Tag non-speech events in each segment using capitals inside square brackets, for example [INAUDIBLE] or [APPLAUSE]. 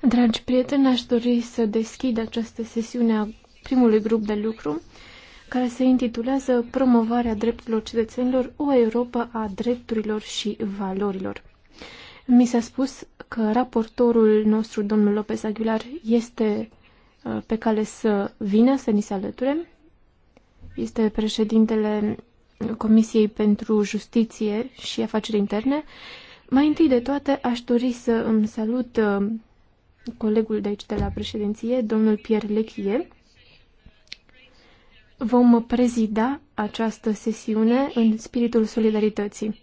Dragi prieteni, aș dori să deschid această sesiune a primului grup de lucru care se intitulează Promovarea drepturilor cetățenilor, o Europa a drepturilor și valorilor. Mi s-a spus că raportorul nostru, domnul Lopez Aguilar, este uh, pe cale să vină, să ni se alăture. Este președintele Comisiei pentru Justiție și Afaceri Interne mai întâi de toate, aș dori să îmi salut uh, colegul de aici de la președinție, domnul Pierre Lechie. Vom prezida această sesiune în spiritul solidarității.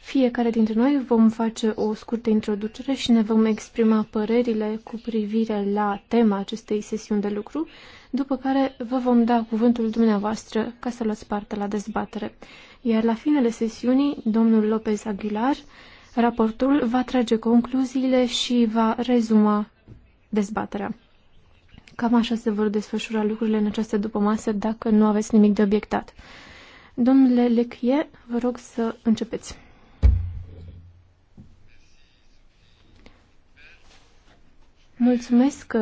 Fiecare dintre noi vom face o scurtă introducere și ne vom exprima părerile cu privire la tema acestei sesiuni de lucru, după care vă vom da cuvântul dumneavoastră ca să luați parte la dezbatere. Iar la finele sesiunii, domnul Lopez Aguilar Raportul va trage concluziile și va rezuma dezbaterea. Cam așa se vor desfășura lucrurile în această dupămasă dacă nu aveți nimic de obiectat. Domnule Lechie, vă rog să începeți. Mulțumesc,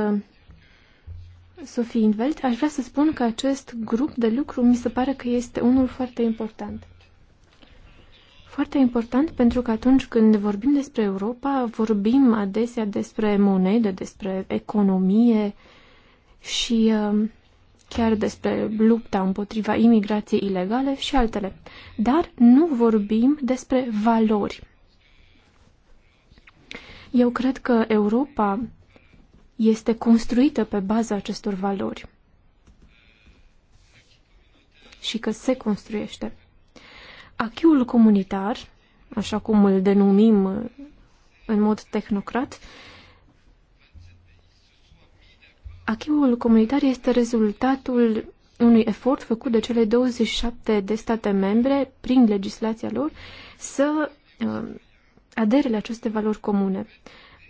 Sofie Invelt. Aș vrea să spun că acest grup de lucru mi se pare că este unul foarte important foarte important pentru că atunci când vorbim despre Europa, vorbim adesea despre monedă, despre economie și um, chiar despre lupta împotriva imigrației ilegale și altele. Dar nu vorbim despre valori. Eu cred că Europa este construită pe baza acestor valori și că se construiește achiul comunitar, așa cum îl denumim în mod tehnocrat, achiul comunitar este rezultatul unui efort făcut de cele 27 de state membre, prin legislația lor, să uh, adere la aceste valori comune.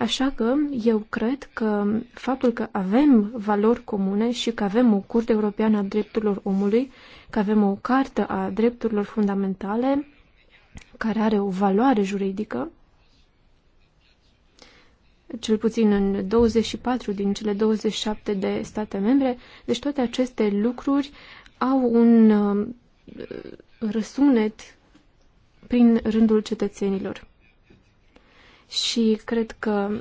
Așa că eu cred că faptul că avem valori comune și că avem o Curte Europeană a Drepturilor Omului, că avem o Cartă a Drepturilor Fundamentale, care are o valoare juridică, cel puțin în 24 din cele 27 de state membre, deci toate aceste lucruri au un uh, răsunet prin rândul cetățenilor și cred că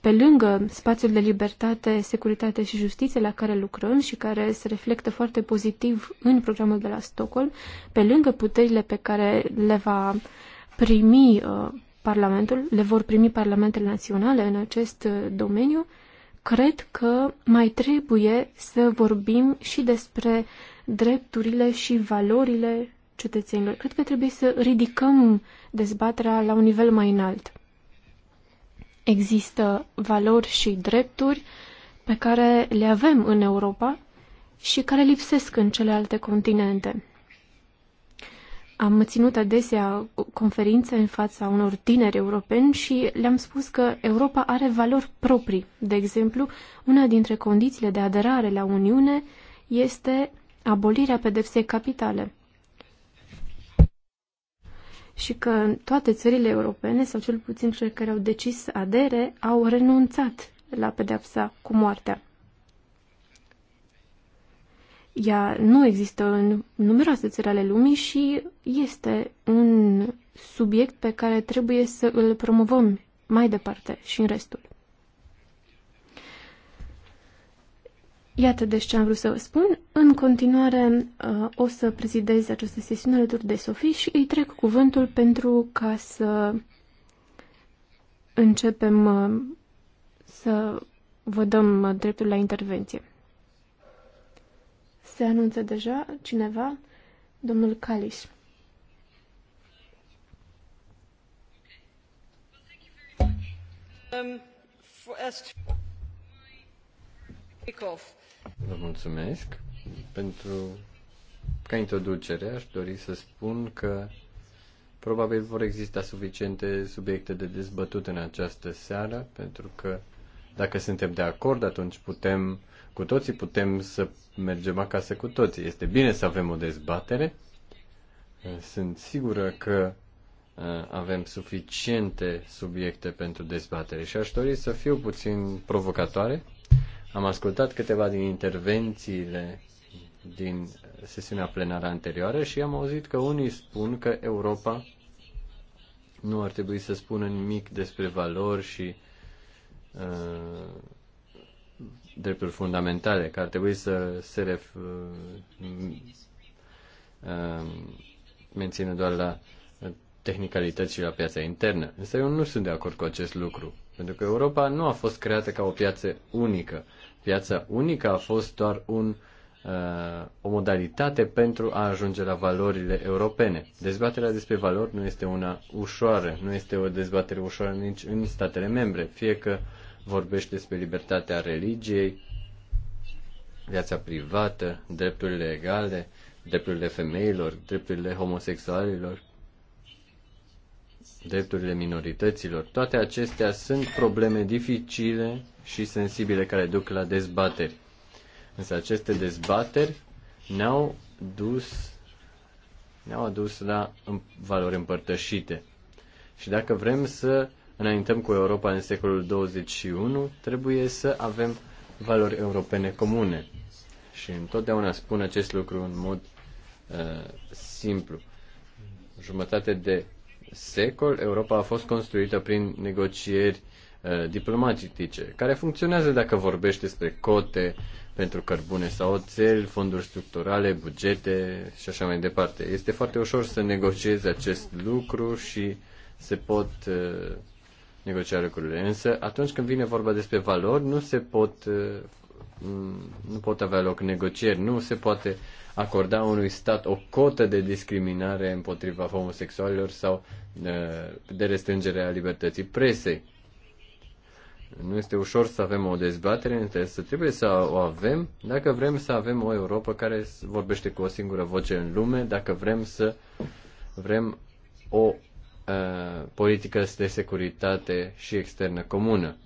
pe lângă spațiul de libertate, securitate și justiție la care lucrăm și care se reflectă foarte pozitiv în programul de la Stockholm, pe lângă puterile pe care le va primi uh, Parlamentul, le vor primi Parlamentele naționale în acest uh, domeniu, cred că mai trebuie să vorbim și despre drepturile și valorile cetățenilor. Cred că trebuie să ridicăm dezbaterea la un nivel mai înalt. Există valori și drepturi pe care le avem în Europa și care lipsesc în celelalte continente. Am ținut adesea conferințe în fața unor tineri europeni și le-am spus că Europa are valori proprii. De exemplu, una dintre condițiile de aderare la Uniune este abolirea pedepsei capitale și că toate țările europene, sau cel puțin cele care au decis să adere, au renunțat la pedepsa cu moartea. Ea nu există în numeroase țări ale lumii și este un subiect pe care trebuie să îl promovăm mai departe și în restul. Iată deci ce am vrut să vă spun. În continuare uh, o să prezidez această sesiune alături de Sofie și îi trec cuvântul pentru ca să începem uh, să vă dăm uh, dreptul la intervenție. Se anunță deja cineva, domnul Calis. Um, for us to... Vă mulțumesc pentru ca introducere aș dori să spun că probabil vor exista suficiente subiecte de dezbătut în această seară, pentru că dacă suntem de acord, atunci putem, cu toții putem să mergem acasă cu toții. Este bine să avem o dezbatere. Sunt sigură că uh, avem suficiente subiecte pentru dezbatere și aș dori să fiu puțin provocatoare am ascultat câteva din intervențiile din sesiunea plenară anterioară și am auzit că unii spun că Europa nu ar trebui să spună nimic despre valori și uh, drepturi fundamentale, că ar trebui să se ref, uh, uh, mențină doar la tehnicalități și la piața internă. Însă eu nu sunt de acord cu acest lucru, pentru că Europa nu a fost creată ca o piață unică. Piața unică a fost doar un, uh, o modalitate pentru a ajunge la valorile europene. Dezbaterea despre valori nu este una ușoară, nu este o dezbatere ușoară nici în statele membre, fie că vorbește despre libertatea religiei, viața privată, drepturile egale, drepturile femeilor, drepturile homosexualilor, drepturile minorităților. Toate acestea sunt probleme dificile și sensibile care duc la dezbateri. Însă aceste dezbateri ne-au dus ne-au adus la valori împărtășite. Și dacă vrem să înaintăm cu Europa în secolul 21, trebuie să avem valori europene comune. Și întotdeauna spun acest lucru în mod uh, simplu. Jumătate de secol, Europa a fost construită prin negocieri uh, diplomatice, care funcționează dacă vorbești despre cote pentru cărbune sau oțel, fonduri structurale, bugete și așa mai departe. Este foarte ușor să negociezi acest lucru și se pot uh, negocia lucrurile. Însă, atunci când vine vorba despre valori, nu se pot uh, Mm, nu pot avea loc negocieri, nu se poate acorda unui stat o cotă de discriminare împotriva homosexualilor sau uh, de restrângere a libertății presei. Nu este ușor să avem o dezbatere, să trebuie să o avem dacă vrem să avem o Europa care vorbește cu o singură voce în lume, dacă vrem să vrem o uh, politică de securitate și externă comună.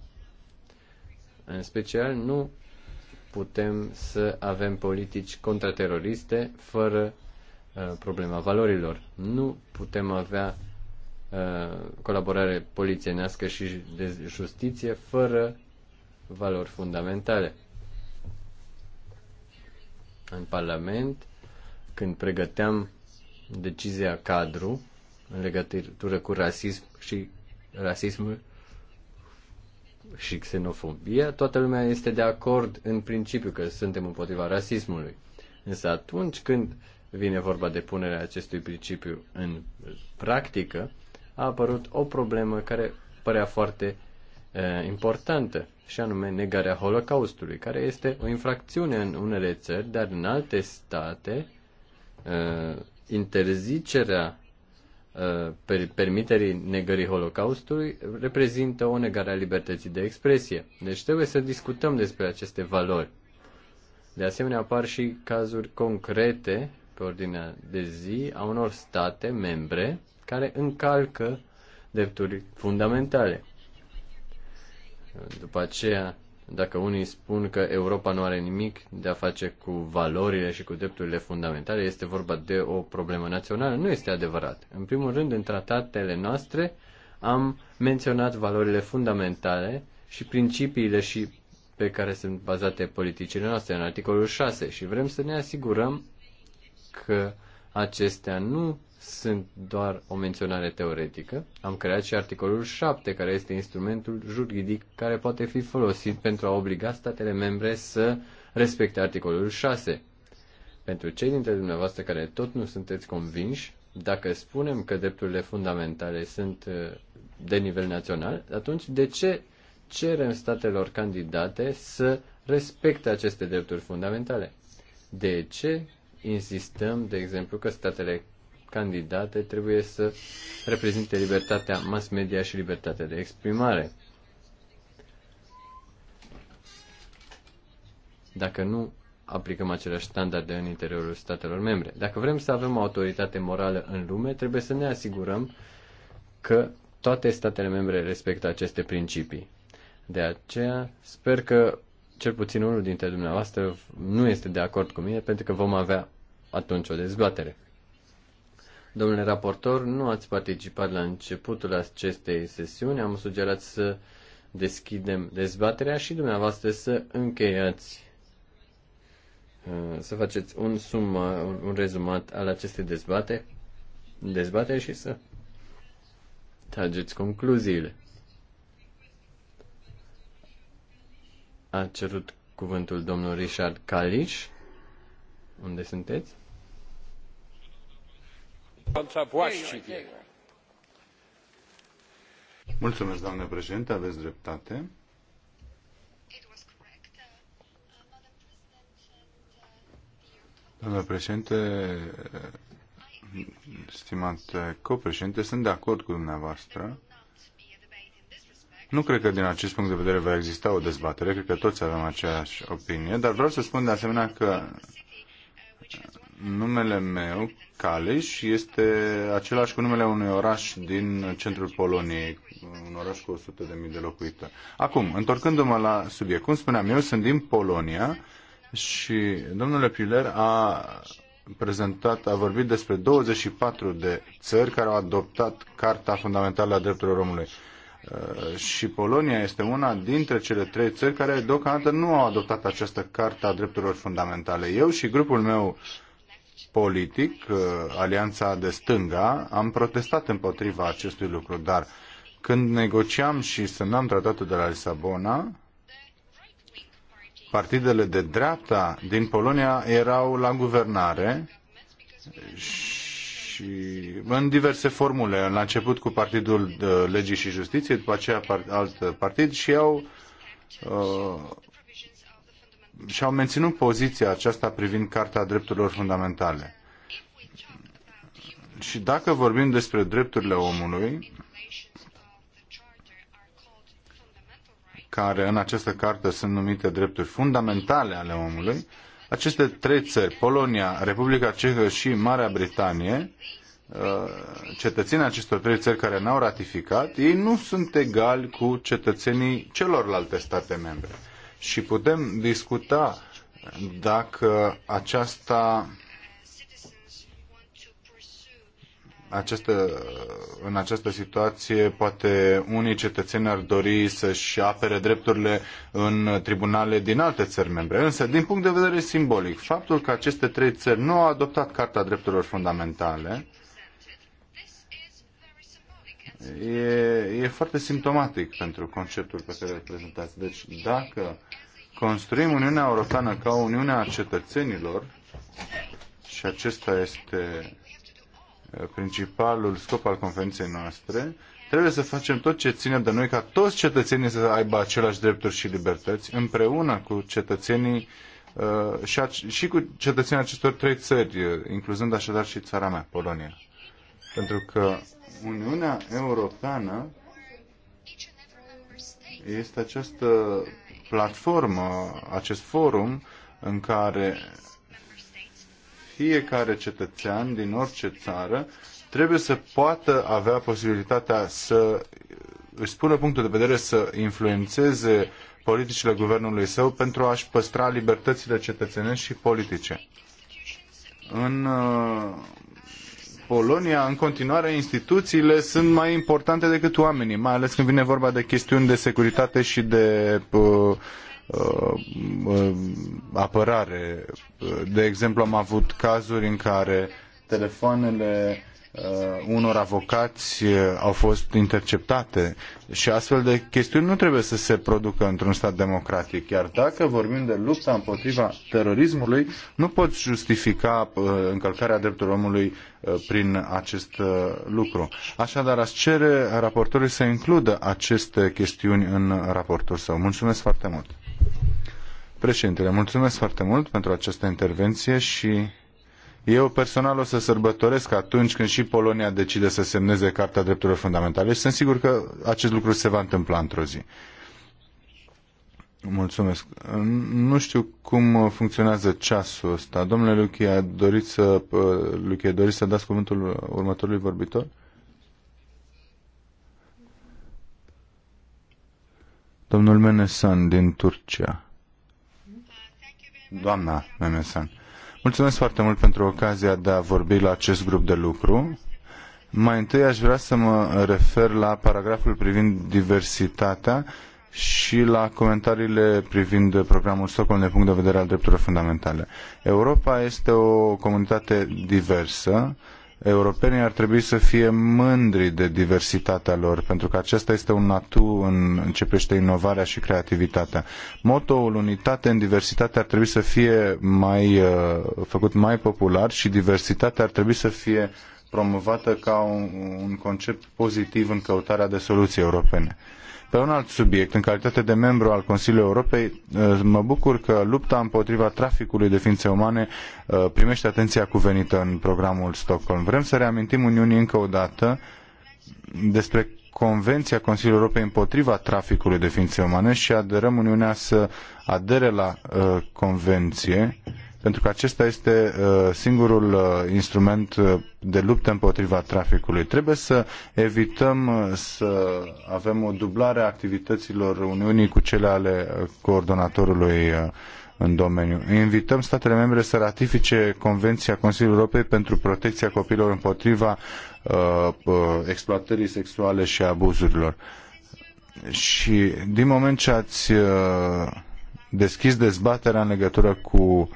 În special, nu putem să avem politici contrateroriste fără uh, problema valorilor. Nu putem avea uh, colaborare polițienească și de justiție fără valori fundamentale. În Parlament, când pregăteam decizia cadru în legătură cu rasism și rasismul, și xenofobia, toată lumea este de acord în principiu că suntem împotriva rasismului. Însă atunci când vine vorba de punerea acestui principiu în practică, a apărut o problemă care părea foarte uh, importantă, și anume negarea Holocaustului, care este o infracțiune în unele țări, dar în alte state uh, interzicerea Uh, permiterii negării Holocaustului reprezintă o negare a libertății de expresie. Deci trebuie să discutăm despre aceste valori. De asemenea, apar și cazuri concrete pe ordinea de zi a unor state membre care încalcă drepturi fundamentale. După aceea, dacă unii spun că Europa nu are nimic de a face cu valorile și cu drepturile fundamentale, este vorba de o problemă națională, nu este adevărat. În primul rând, în tratatele noastre am menționat valorile fundamentale și principiile și pe care sunt bazate politicile noastre în articolul 6 și vrem să ne asigurăm că acestea nu sunt doar o menționare teoretică. Am creat și articolul 7, care este instrumentul juridic care poate fi folosit pentru a obliga statele membre să respecte articolul 6. Pentru cei dintre dumneavoastră care tot nu sunteți convinși, dacă spunem că drepturile fundamentale sunt uh, de nivel național, atunci de ce cerem statelor candidate să respecte aceste drepturi fundamentale? De ce insistăm, de exemplu, că statele candidate trebuie să reprezinte libertatea mass media și libertatea de exprimare. Dacă nu aplicăm aceleași standarde în interiorul statelor membre. Dacă vrem să avem o autoritate morală în lume, trebuie să ne asigurăm că toate statele membre respectă aceste principii. De aceea, sper că cel puțin unul dintre dumneavoastră nu este de acord cu mine, pentru că vom avea atunci o dezbatere. Domnule raportor, nu ați participat la începutul acestei sesiuni. Am sugerat să deschidem dezbaterea și dumneavoastră să încheiați, uh, să faceți un, sumă, un rezumat al acestei dezbateri dezbateri și să trageți concluziile. A cerut cuvântul domnul Richard Kalish. Unde sunteți? Mulțumesc, doamnă președinte, aveți dreptate. Domnule președinte, stimate copreședinte, sunt de acord cu dumneavoastră. Nu cred că din acest punct de vedere va exista o dezbatere, cred că toți avem aceeași opinie, dar vreau să spun de asemenea că numele meu Kalisz este același cu numele unui oraș din centrul Poloniei, un oraș cu 100.000 de locuitori. Acum, întorcându-mă la subiect, cum spuneam, eu sunt din Polonia și domnule Piller a prezentat, a vorbit despre 24 de țări care au adoptat Carta Fundamentală a Drepturilor Omului. Uh, și Polonia este una dintre cele trei țări care deocamdată nu au adoptat această Carta a Drepturilor Fundamentale. Eu și grupul meu uh, politic, uh, alianța de stânga, am protestat împotriva acestui lucru, dar când negociam și semnam tratatul de la Lisabona, partidele de dreapta din Polonia erau la guvernare și în diverse formule. La început cu Partidul uh, Legii și Justiție după aceea alt partid și au uh, și-au menținut poziția aceasta privind Carta Drepturilor Fundamentale. Și dacă vorbim despre drepturile omului, care în această carte sunt numite drepturi fundamentale ale omului, aceste trei țări, Polonia, Republica Cehă și Marea Britanie, uh, cetățenii acestor trei țări care n-au ratificat, ei nu sunt egali cu cetățenii celorlalte state membre și putem discuta dacă aceasta această, în această situație poate unii cetățeni ar dori să-și apere drepturile în tribunale din alte țări membre. Însă, din punct de vedere simbolic, faptul că aceste trei țări nu au adoptat Carta Drepturilor Fundamentale e, e foarte simptomatic pentru conceptul pe care îl prezentați. Deci dacă construim Uniunea Europeană ca Uniunea cetățenilor, și acesta este principalul scop al conferinței noastre, trebuie să facem tot ce ține de noi ca toți cetățenii să aibă aceleași drepturi și libertăți împreună cu cetățenii și, și cu cetățenii acestor trei țări, incluzând așadar și țara mea, Polonia. Pentru că Uniunea Europeană este această platformă, acest forum în care fiecare cetățean din orice țară trebuie să poată avea posibilitatea să își spună punctul de vedere, să influențeze politicile guvernului său pentru a-și păstra libertățile cetățenești și politice. În uh, Polonia, în continuare, instituțiile sunt mai importante decât oamenii, mai ales când vine vorba de chestiuni de securitate și de uh, uh, uh apărare. De exemplu, am avut cazuri în care telefoanele Uh, unor avocați uh, au fost interceptate și astfel de chestiuni nu trebuie să se producă într-un stat democratic. Iar dacă vorbim de lupta împotriva terorismului, nu poți justifica uh, încălcarea drepturilor omului prin acest lucru. Așadar, aș cere raportorului să includă aceste chestiuni în raportul său. Mulțumesc foarte mult! Președintele, mulțumesc foarte mult pentru această intervenție și eu personal o să sărbătoresc atunci când și Polonia decide să semneze Carta Drepturilor Fundamentale și sunt sigur că acest lucru se va întâmpla într-o zi. Mulțumesc. Nu știu cum funcționează ceasul ăsta. Domnule a dorit să, a dorit să dați cuvântul următorului vorbitor? Domnul Menesan din Turcia. Doamna Menesan. Mulțumesc foarte mult pentru ocazia de a vorbi la acest grup de lucru. Mai întâi aș vrea să mă refer la paragraful privind diversitatea și la comentariile privind programul Stockholm din punct de vedere al drepturilor fundamentale. Europa este o comunitate diversă, europenii ar trebui să fie mândri de diversitatea lor, pentru că acesta este un natu în ce privește inovarea și creativitatea. Motoul unitate în diversitate ar trebui să fie mai, uh, făcut mai popular și diversitatea ar trebui să fie promovată ca un, un concept pozitiv în căutarea de soluții europene. Pe un alt subiect, în calitate de membru al Consiliului Europei, eh, mă bucur că lupta împotriva traficului de ființe umane eh, primește atenția cuvenită în programul Stockholm. Vrem să reamintim Uniunii încă o dată despre Convenția Consiliului Europei împotriva traficului de ființe umane și aderăm Uniunea să adere la uh, Convenție. Uh, pentru că acesta este uh, singurul uh, instrument uh, de luptă împotriva traficului. Trebuie să evităm să avem o dublare a activităților Uniunii cu cele ale coordonatorului în domeniu. Invităm statele membre să ratifice Convenția Consiliului Europei pentru protecția copiilor împotriva uh, exploatării sexuale și abuzurilor. Și din moment ce ați uh, deschis dezbaterea în legătură cu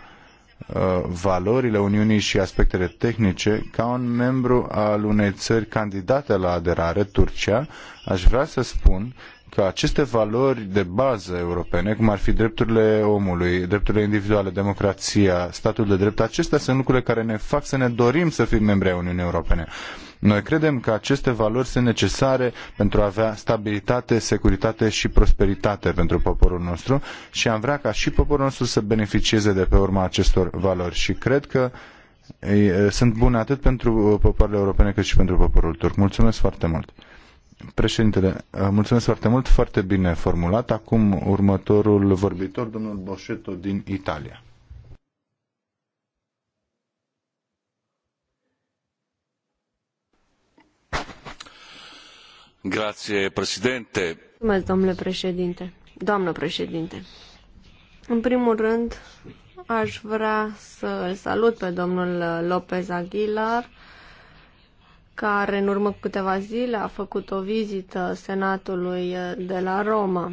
Uh, valorile Uniunii și aspectele tehnice, ca un membru al unei țări candidate la aderare, Turcia, aș vrea să spun că aceste valori de bază europene, cum ar fi drepturile omului, drepturile individuale, democrația, statul de drept, acestea sunt lucrurile care ne fac să ne dorim să fim membri ai Uniunii Europene. Noi credem că aceste valori sunt necesare pentru a avea stabilitate, securitate și prosperitate pentru poporul nostru și am vrea ca și poporul nostru să beneficieze de pe urma acestor valori și cred că sunt bune atât pentru popoarele europene cât și pentru poporul turc. Mulțumesc foarte mult. Președintele, uh, mulțumesc foarte mult, foarte bine formulat. Acum următorul vorbitor, domnul Boșeto din Italia. Mulțumesc, domnule președinte. președinte. În primul rând, aș vrea să îl salut pe domnul Lopez Aguilar, care în urmă cu câteva zile a făcut o vizită Senatului de la Roma.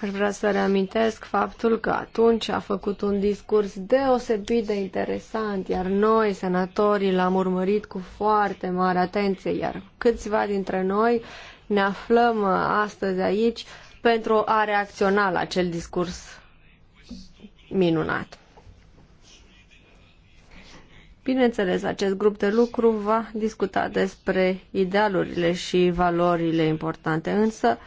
Aș vrea să reamintesc faptul că atunci a făcut un discurs deosebit de interesant, iar noi, senatorii, l-am urmărit cu foarte mare atenție, iar câțiva dintre noi ne aflăm uh, astăzi aici pentru a reacționa la acel discurs minunat. Bineînțeles, acest grup de lucru va discuta despre idealurile și valorile importante, însă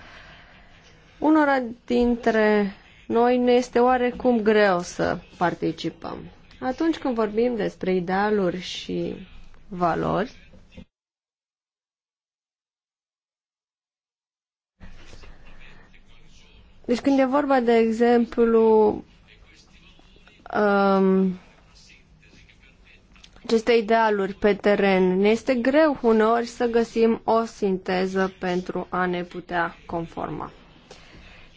Unora dintre noi ne este oarecum greu să participăm. Atunci când vorbim despre idealuri și valori, Deci când e vorba, de exemplu, um, aceste idealuri pe teren, ne este greu uneori să găsim o sinteză pentru a ne putea conforma.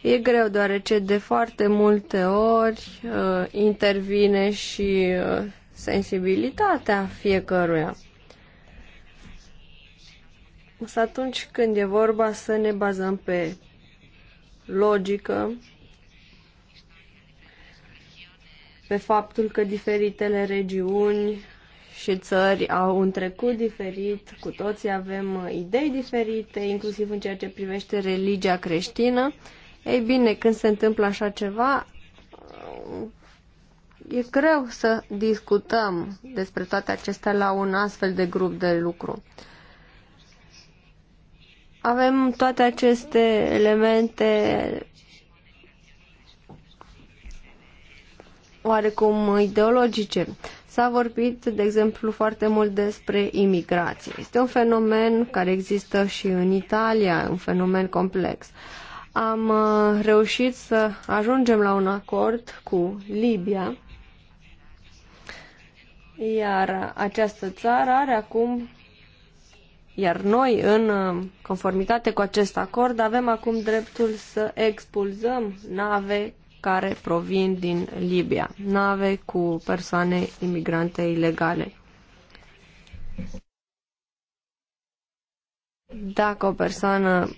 E greu, deoarece de foarte multe ori uh, intervine și uh, sensibilitatea fiecăruia. Însă atunci când e vorba să ne bazăm pe logică, pe faptul că diferitele regiuni și țări au un trecut diferit, cu toții avem uh, idei diferite, inclusiv în ceea ce privește religia creștină, uh, ei bine, când se întâmplă așa ceva, e greu să discutăm despre toate acestea la un astfel de grup de lucru. Avem toate aceste elemente oarecum ideologice. S-a vorbit, de exemplu, foarte mult despre imigrație. Este un fenomen care există și în Italia, un fenomen complex. Uh, am uh, reușit să ajungem la un acord cu Libia, iar această țară are acum, iar noi, în uh, conformitate cu acest acord, avem acum dreptul să expulzăm nave care provin din Libia, nave cu persoane imigrante ilegale. Dacă o persoană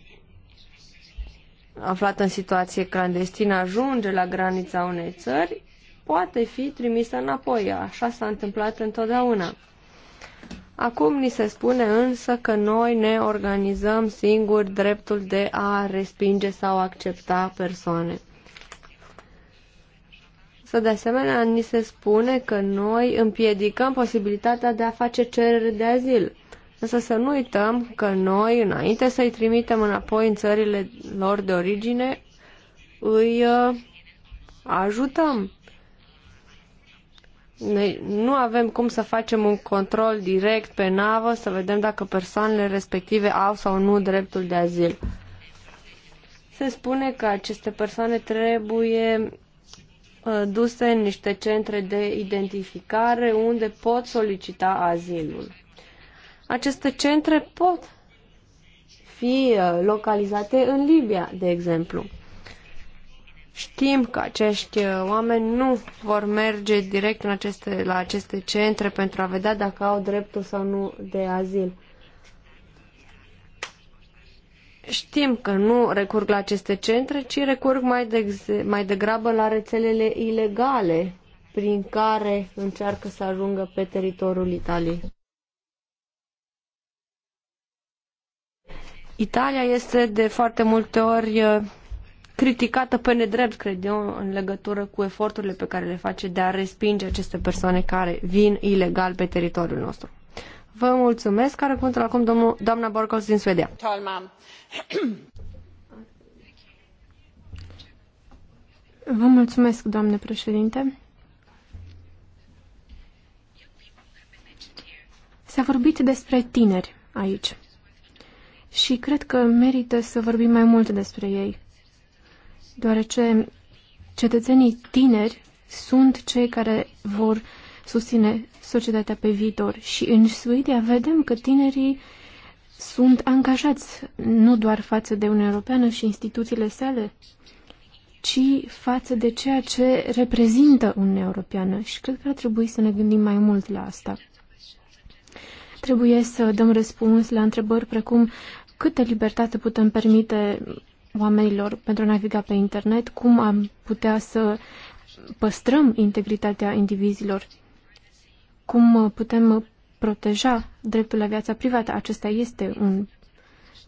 aflat în situație clandestină ajunge la granița unei țări, poate fi trimisă înapoi. Așa s-a întâmplat întotdeauna. Acum ni se spune însă că noi ne organizăm singuri dreptul de a respinge sau accepta persoane. Să de asemenea ni se spune că noi împiedicăm posibilitatea de a face cerere de azil. Însă să nu uităm că noi, înainte să-i trimitem înapoi în țările lor de origine, îi uh, ajutăm. Noi nu avem cum să facem un control direct pe navă să vedem dacă persoanele respective au sau nu dreptul de azil. Se spune că aceste persoane trebuie uh, duse în niște centre de identificare unde pot solicita azilul. Aceste centre pot fi uh, localizate în Libia, de exemplu. Știm că acești uh, oameni nu vor merge direct în aceste, la aceste centre pentru a vedea dacă au dreptul sau nu de azil. Știm că nu recurg la aceste centre, ci recurg mai, de, mai degrabă la rețelele ilegale prin care încearcă să ajungă pe teritoriul Italiei. Italia este de foarte multe ori uh, criticată pe nedrept, cred eu, în legătură cu eforturile pe care le face de a respinge aceste persoane care vin ilegal pe teritoriul nostru. Vă mulțumesc. Care cuvântul acum domnul, doamna Borcos din Suedia. Talman. Vă mulțumesc, doamne președinte. S-a vorbit despre tineri aici și cred că merită să vorbim mai mult despre ei, deoarece cetățenii tineri sunt cei care vor susține societatea pe viitor. Și în Suedia vedem că tinerii sunt angajați nu doar față de Uniunea Europeană și instituțiile sale, ci față de ceea ce reprezintă Uniunea Europeană. Și cred că ar trebui să ne gândim mai mult la asta. Trebuie să dăm răspuns la întrebări precum câtă libertate putem permite oamenilor pentru a naviga pe internet, cum am putea să păstrăm integritatea indivizilor, cum putem proteja dreptul la viața privată. Acesta este un,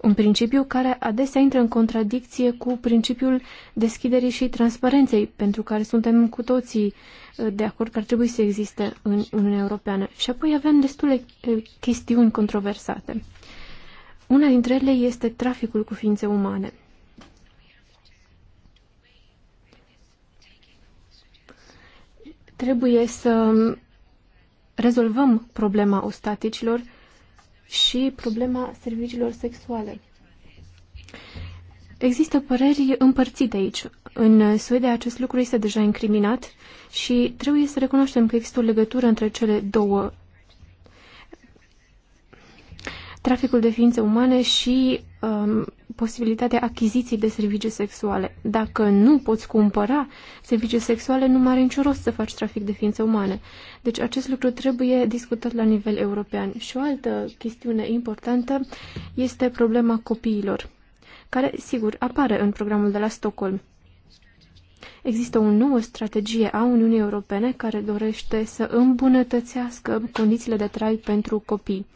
un principiu care adesea intră în contradicție cu principiul deschiderii și transparenței, pentru care suntem cu toții uh, de acord că ar trebui să existe în Uniunea Europeană. Și apoi avem destule uh, chestiuni controversate. Una dintre ele este traficul cu ființe umane. Trebuie să rezolvăm problema ostaticilor și problema serviciilor sexuale. Există păreri împărțite aici. În Suedia acest lucru este deja incriminat și trebuie să recunoaștem că există o legătură între cele două traficul de ființe umane și um, posibilitatea achiziției de servicii sexuale. Dacă nu poți cumpăra servicii sexuale, nu mai are niciun rost să faci trafic de ființe umane. Deci acest lucru trebuie discutat la nivel european. Și o altă chestiune importantă este problema copiilor, care, sigur, apare în programul de la Stockholm. Există o nouă strategie a Uniunii Europene care dorește să îmbunătățească condițiile de trai pentru copii.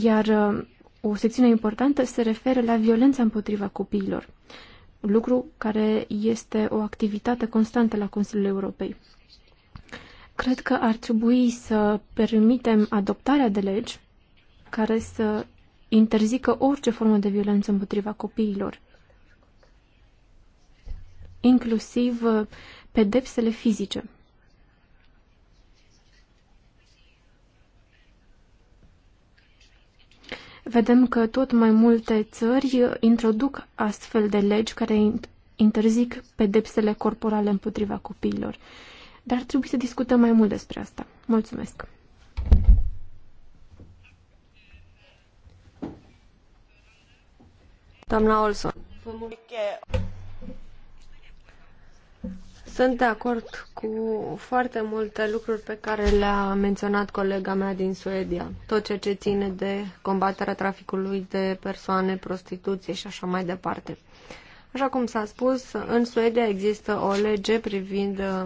Iar uh, o secțiune importantă se referă la violența împotriva copiilor, lucru care este o activitate constantă la Consiliul Europei. Cred că ar trebui să permitem adoptarea de legi care să interzică orice formă de violență împotriva copiilor, inclusiv uh, pedepsele fizice. vedem că tot mai multe țări introduc astfel de legi care interzic pedepsele corporale împotriva copiilor. Dar trebuie să discutăm mai mult despre asta. Mulțumesc! Doamna Olson. Sunt de acord cu foarte multe lucruri pe care le-a menționat colega mea din Suedia. Tot ceea ce ține de combaterea traficului de persoane, prostituție și așa mai departe. Așa cum s-a spus, în Suedia există o lege privind uh,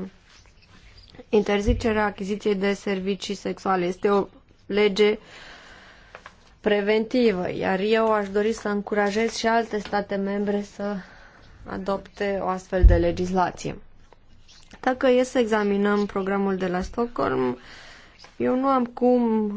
interzicerea achiziției de servicii sexuale. Este o lege preventivă, iar eu aș dori să încurajez și alte state membre să adopte o astfel de legislație. Dacă e să examinăm programul de la Stockholm, eu nu am cum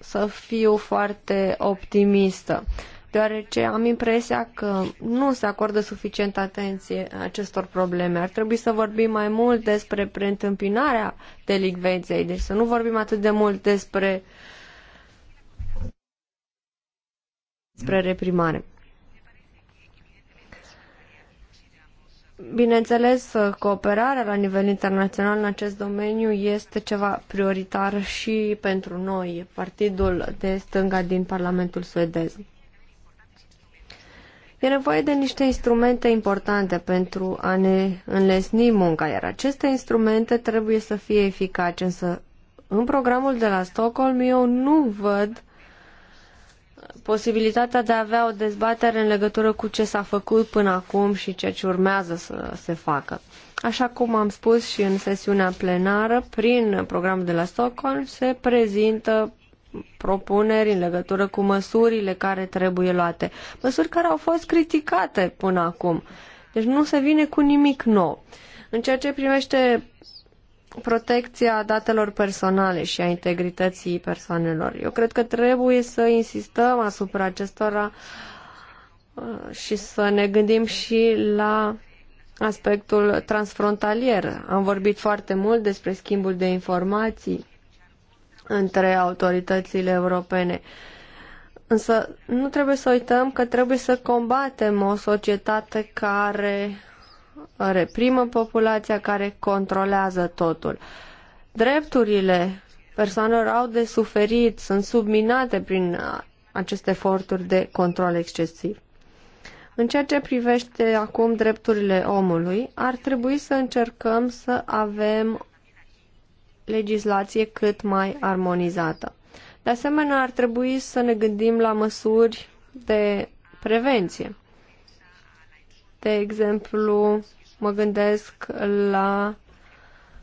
să fiu foarte optimistă, deoarece am impresia că nu se acordă suficient atenție acestor probleme. Ar trebui să vorbim mai mult despre preîntâmpinarea delicvenței, deci să nu vorbim atât de mult despre, despre reprimare. Bineînțeles, cooperarea la nivel internațional în acest domeniu este ceva prioritar și pentru noi, Partidul de Stânga din Parlamentul suedez. E nevoie de niște instrumente importante pentru a ne înlesni munca, iar aceste instrumente trebuie să fie eficace, însă în programul de la Stockholm eu nu văd posibilitatea de a avea o dezbatere în legătură cu ce s-a făcut până acum și ceea ce urmează să se facă. Așa cum am spus și în sesiunea plenară, prin programul de la Stockholm se prezintă propuneri în legătură cu măsurile care trebuie luate. Măsuri care au fost criticate până acum. Deci nu se vine cu nimic nou. În ceea ce privește protecția datelor personale și a integrității persoanelor. Eu cred că trebuie să insistăm asupra acestora uh, și să ne gândim și la aspectul transfrontalier. Am vorbit foarte mult despre schimbul de informații între autoritățile europene. Însă nu trebuie să uităm că trebuie să combatem o societate care reprimă populația, care controlează totul. Drepturile persoanelor au de suferit, sunt subminate prin aceste eforturi de control excesiv. În ceea ce privește acum drepturile omului, ar trebui să încercăm să avem legislație cât mai armonizată. De asemenea, ar trebui să ne gândim la măsuri de prevenție. De exemplu, mă gândesc la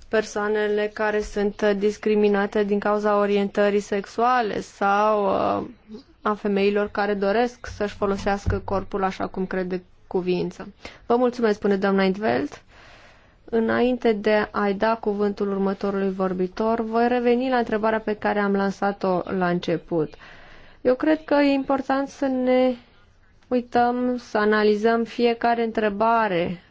persoanele care sunt discriminate din cauza orientării sexuale sau uh, a femeilor care doresc să-și folosească corpul așa cum crede cuvință. Vă mulțumesc, spune doamna Intveld. Înainte de a-i da cuvântul următorului vorbitor, voi reveni la întrebarea pe care am lansat-o la început. Eu cred că e important să ne uităm să analizăm fiecare întrebare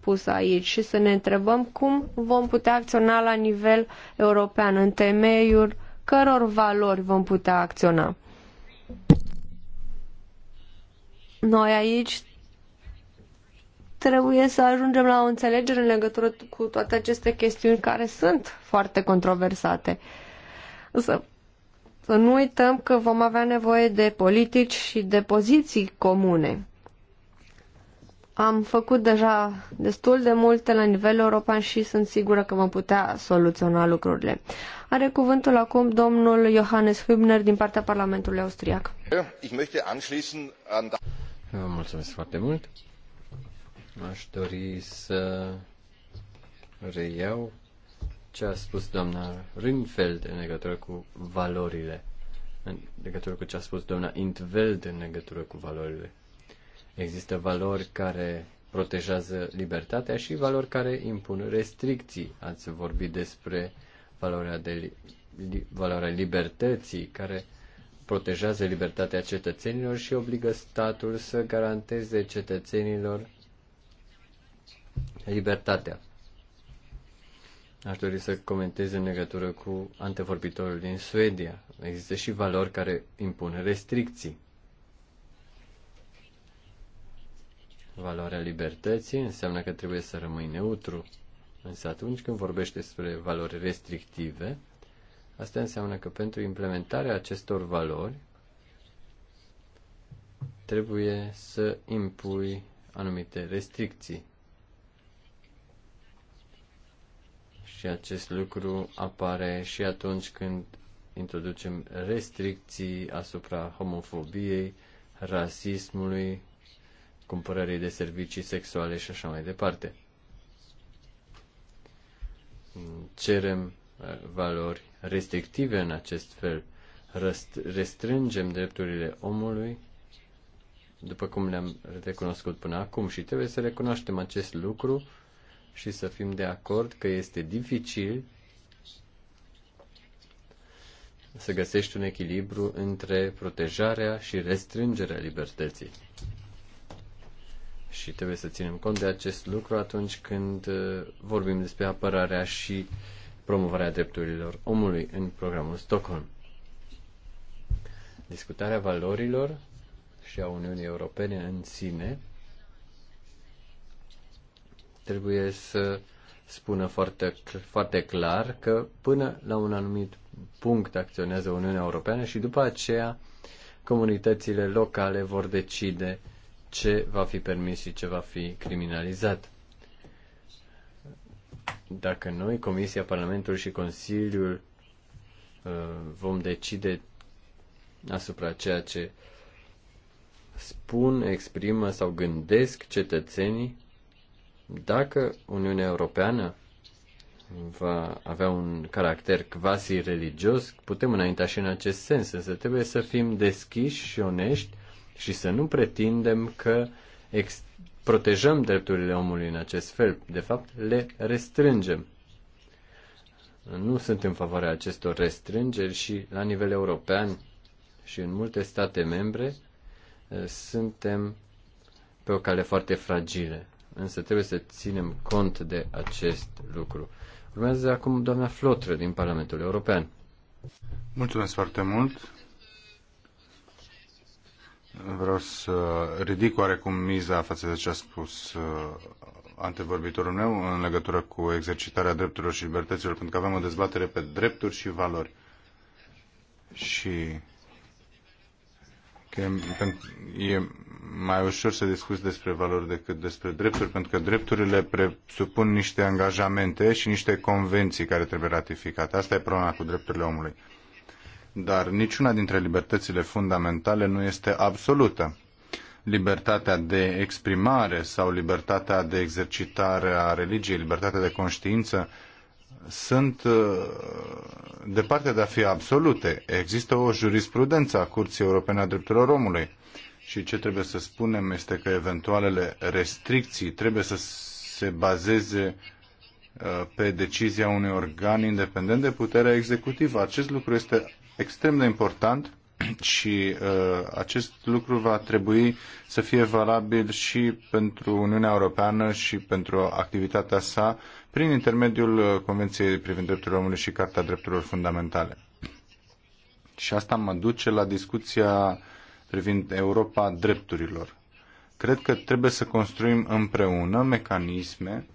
pusă aici și să ne întrebăm cum vom putea acționa la nivel european, în temeiul căror valori vom putea acționa. Noi aici trebuie să ajungem la o înțelegere în legătură cu toate aceste chestiuni care sunt foarte controversate. Însă să nu uităm că vom avea nevoie de politici și de poziții comune. Am făcut deja destul de multe la nivel european și sunt sigură că vom putea soluționa lucrurile. Are cuvântul acum domnul Johannes Hübner din partea Parlamentului Austriac. Da- mulțumesc foarte mult. Aș dori să reiau ce a spus doamna Ringfeld în legătură cu valorile, în legătură cu ce a spus doamna Intveld în legătură cu valorile. Există valori care protejează libertatea și valori care impun restricții. Ați vorbit despre valoarea, de li, valoarea libertății care protejează libertatea cetățenilor și obligă statul să garanteze cetățenilor libertatea. Aș dori să comentez în legătură cu antevorbitorul din Suedia. Există și valori care impun restricții. Valoarea libertății înseamnă că trebuie să rămâi neutru. Însă atunci când vorbești despre valori restrictive, asta înseamnă că pentru implementarea acestor valori trebuie să impui anumite restricții. Și acest lucru apare și atunci când introducem restricții asupra homofobiei, rasismului, cumpărării de servicii sexuale și așa mai departe. Cerem uh, valori restrictive în acest fel. Restrângem drepturile omului, după cum le-am recunoscut până acum, și trebuie să recunoaștem acest lucru și să fim de acord că este dificil să găsești un echilibru între protejarea și restrângerea libertății. Și trebuie să ținem cont de acest lucru atunci când uh, vorbim despre apărarea și promovarea drepturilor omului în programul Stockholm. Discutarea valorilor și a Uniunii Europene în sine trebuie să spună foarte, foarte clar că până la un anumit punct acționează Uniunea Europeană și după aceea comunitățile locale vor decide ce va fi permis și ce va fi criminalizat. Dacă noi, Comisia, Parlamentul și Consiliul uh, vom decide asupra ceea ce spun, exprimă sau gândesc cetățenii, dacă Uniunea Europeană va avea un caracter quasi-religios, putem înainta și în acest sens, însă trebuie să fim deschiși și onești și să nu pretindem că ex- protejăm drepturile omului în acest fel. De fapt, le restrângem. Nu sunt în favoarea acestor restrângeri și la nivel european și în multe state membre eh, suntem pe o cale foarte fragile, însă trebuie să ținem cont de acest lucru. Urmează acum doamna Flotră din Parlamentul European. Mulțumesc foarte mult. Vreau să ridic oarecum miza față de ce a spus uh, antevorbitorul meu în legătură cu exercitarea drepturilor și libertăților, pentru că avem o dezbatere pe drepturi și valori. Și că e mai ușor să discuți despre valori decât despre drepturi, pentru că drepturile presupun niște angajamente și niște convenții care trebuie ratificate. Asta e problema cu drepturile omului. Dar niciuna dintre libertățile fundamentale nu este absolută. Libertatea de exprimare sau libertatea de exercitare a religiei, libertatea de conștiință, sunt uh, departe de a fi absolute. Există o jurisprudență a Curții Europene a Drepturilor Omului și ce trebuie să spunem este că eventualele restricții trebuie să se bazeze uh, pe decizia unui organ independent de puterea executivă. Acest lucru este extrem de important [CLEARS THROAT] și uh, acest lucru va trebui să fie valabil și pentru Uniunea Europeană și pentru activitatea sa prin intermediul uh, Convenției privind drepturile omului și Carta Drepturilor Fundamentale. Și asta mă duce la discuția privind Europa drepturilor. Cred că trebuie să construim împreună mecanisme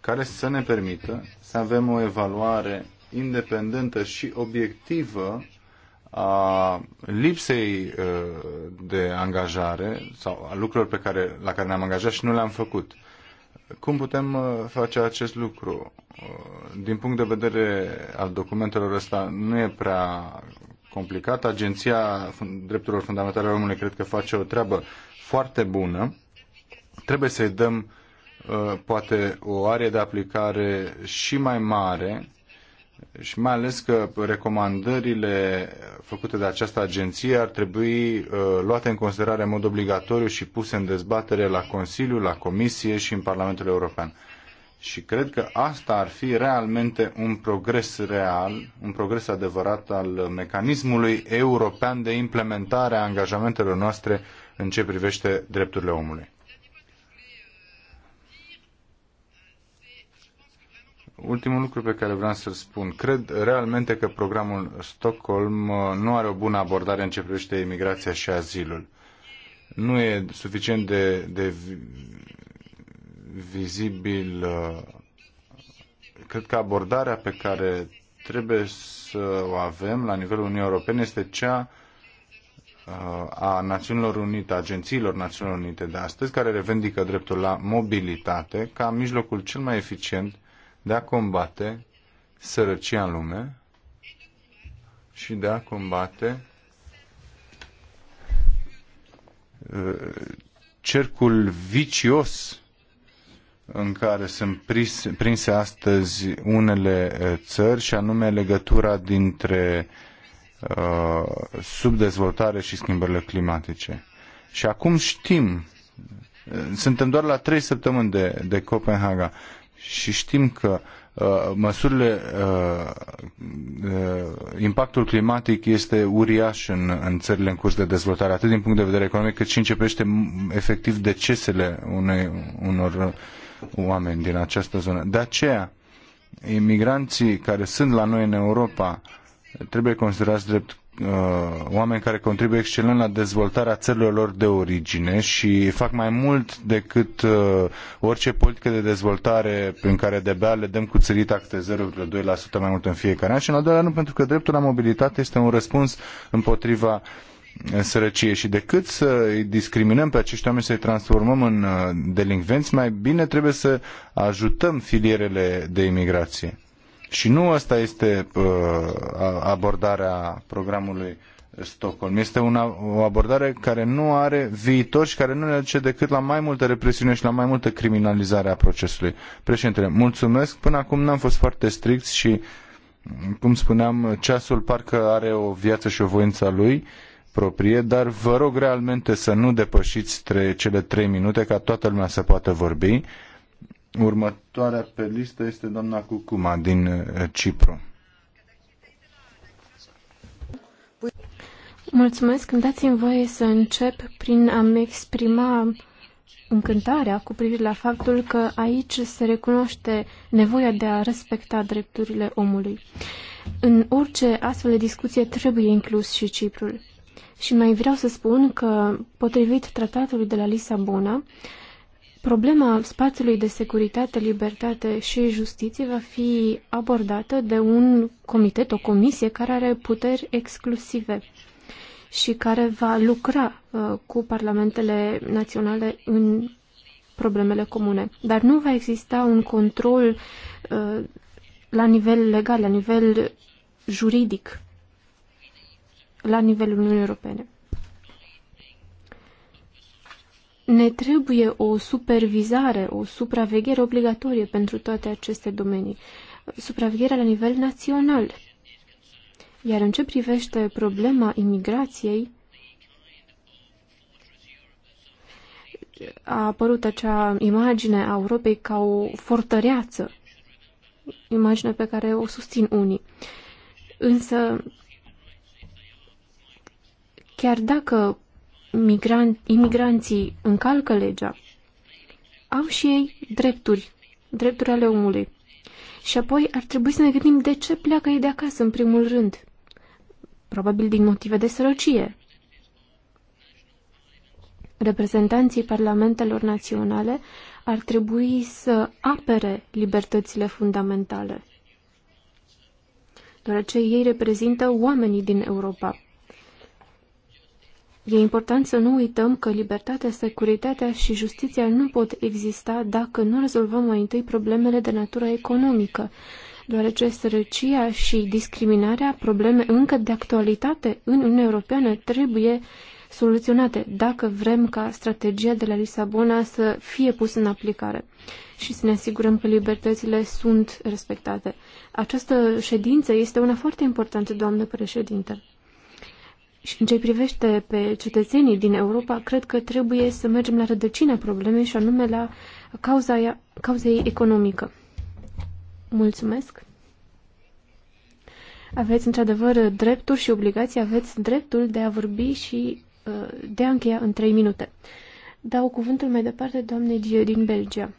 care să ne permită să avem o evaluare independentă și obiectivă a lipsei uh, de angajare sau a lucrurilor pe care, la care ne-am angajat și nu le-am făcut. Cum putem uh, face acest lucru? Uh, din punct de vedere al documentelor ăsta nu e prea complicat. Agenția Drepturilor Fundamentale ale cred că face o treabă foarte bună. Trebuie să-i dăm poate o arie de aplicare și mai mare și mai ales că recomandările făcute de această agenție ar trebui uh, luate în considerare în mod obligatoriu și puse în dezbatere la Consiliu, la Comisie și în Parlamentul European. Și cred că asta ar fi realmente un progres real, un progres adevărat al mecanismului european de implementare a angajamentelor noastre în ce privește drepturile omului. ultimul lucru pe care vreau să-l spun. Cred realmente că programul Stockholm uh, nu are o bună abordare în ce privește imigrația și azilul. Nu e suficient de, de vizibil. Uh, cred că abordarea pe care trebuie să o avem la nivelul Uniunii Europene este cea uh, a Națiunilor Unite, a agențiilor Națiunilor Unite de astăzi, care revendică dreptul la mobilitate ca mijlocul cel mai eficient de a combate sărăcia în lume și de a combate uh, cercul vicios în care sunt prinse astăzi unele uh, țări și anume legătura dintre uh, subdezvoltare și schimbările climatice. Și acum știm, suntem doar la trei săptămâni de, de Copenhaga și știm că uh, măsurile, uh, uh, impactul climatic este uriaș în, în țările în curs de dezvoltare, atât din punct de vedere economic, cât și începește efectiv decesele unei, unor oameni din această zonă. De aceea, imigranții care sunt la noi în Europa trebuie considerați drept Uh, oameni care contribuie excelent la dezvoltarea țărilor lor de origine și fac mai mult decât uh, orice politică de dezvoltare prin care de-abia le dăm cu țărita câte 0,2% mai mult în fiecare an și în al doilea rând pentru că dreptul la mobilitate este un răspuns împotriva uh, sărăcie și decât să îi discriminăm pe acești oameni, să-i transformăm în delinvenți mai bine trebuie să ajutăm filierele de imigrație. Și nu asta este uh, abordarea programului Stockholm. Este una, o abordare care nu are viitor și care nu ne aduce decât la mai multă represiune și la mai multă criminalizare a procesului. Președintele, mulțumesc. Până acum n-am fost foarte strict și, cum spuneam, ceasul parcă are o viață și o voință a lui proprie, dar vă rog realmente să nu depășiți tre- cele trei minute ca toată lumea să poată vorbi Următoarea pe listă este doamna Cucuma din uh, Cipru. Mulțumesc. Dați-mi voie să încep prin a-mi exprima încântarea cu privire la faptul că aici se recunoaște nevoia de a respecta drepturile omului. În orice astfel de discuție trebuie inclus și Ciprul. Și mai vreau să spun că, potrivit tratatului de la Lisabona, Problema spațiului de securitate, libertate și justiție va fi abordată de un comitet, o comisie care are puteri exclusive și care va lucra uh, cu parlamentele naționale în problemele comune. Dar nu va exista un control uh, la nivel legal, la nivel juridic, la nivelul Uniunii Europene. ne trebuie o supervizare, o supraveghere obligatorie pentru toate aceste domenii. Supravegherea la nivel național. Iar în ce privește problema imigrației, a apărut acea imagine a Europei ca o fortăreață, imagine pe care o susțin unii. Însă, chiar dacă migran- imigranții încalcă legea, au și ei drepturi, drepturi ale omului. Și apoi ar trebui să ne gândim de ce pleacă ei de acasă, în primul rând. Probabil din motive de sărăcie. Reprezentanții parlamentelor naționale ar trebui să apere libertățile fundamentale, deoarece ei reprezintă oamenii din Europa. E important să nu uităm că libertatea, securitatea și justiția nu pot exista dacă nu rezolvăm mai întâi problemele de natură economică, deoarece sărăcia și discriminarea, probleme încă de actualitate în Uniunea Europeană, trebuie soluționate dacă vrem ca strategia de la Lisabona să fie pusă în aplicare și să ne asigurăm că libertățile sunt respectate. Această ședință este una foarte importantă, doamnă președinte. Și în ce privește pe cetățenii din Europa, cred că trebuie să mergem la rădăcina problemei și anume la cauza, cauzei economică. Mulțumesc! Aveți într-adevăr dreptul și obligații, aveți dreptul de a vorbi și uh, de a încheia în trei minute. Dau cuvântul mai departe doamnei Gio din Belgia.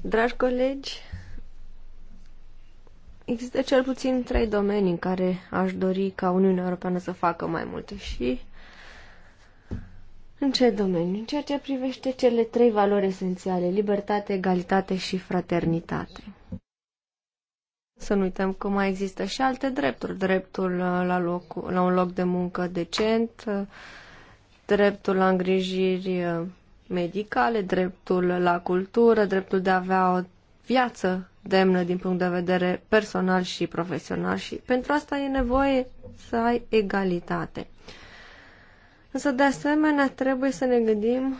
Dragi colegi, Există cel puțin trei domenii în care aș dori ca Uniunea Europeană să facă mai multe și în ce domeniu? În ceea ce privește cele trei valori esențiale, libertate, egalitate și fraternitate. Să nu uităm că mai există și alte drepturi. Dreptul uh, la, loc, la un loc de muncă decent, uh, dreptul la îngrijiri uh, medicale, dreptul la cultură, dreptul de a avea o viață demnă din punct de vedere personal și profesional și pentru asta e nevoie să ai egalitate. Însă, de asemenea, trebuie să ne gândim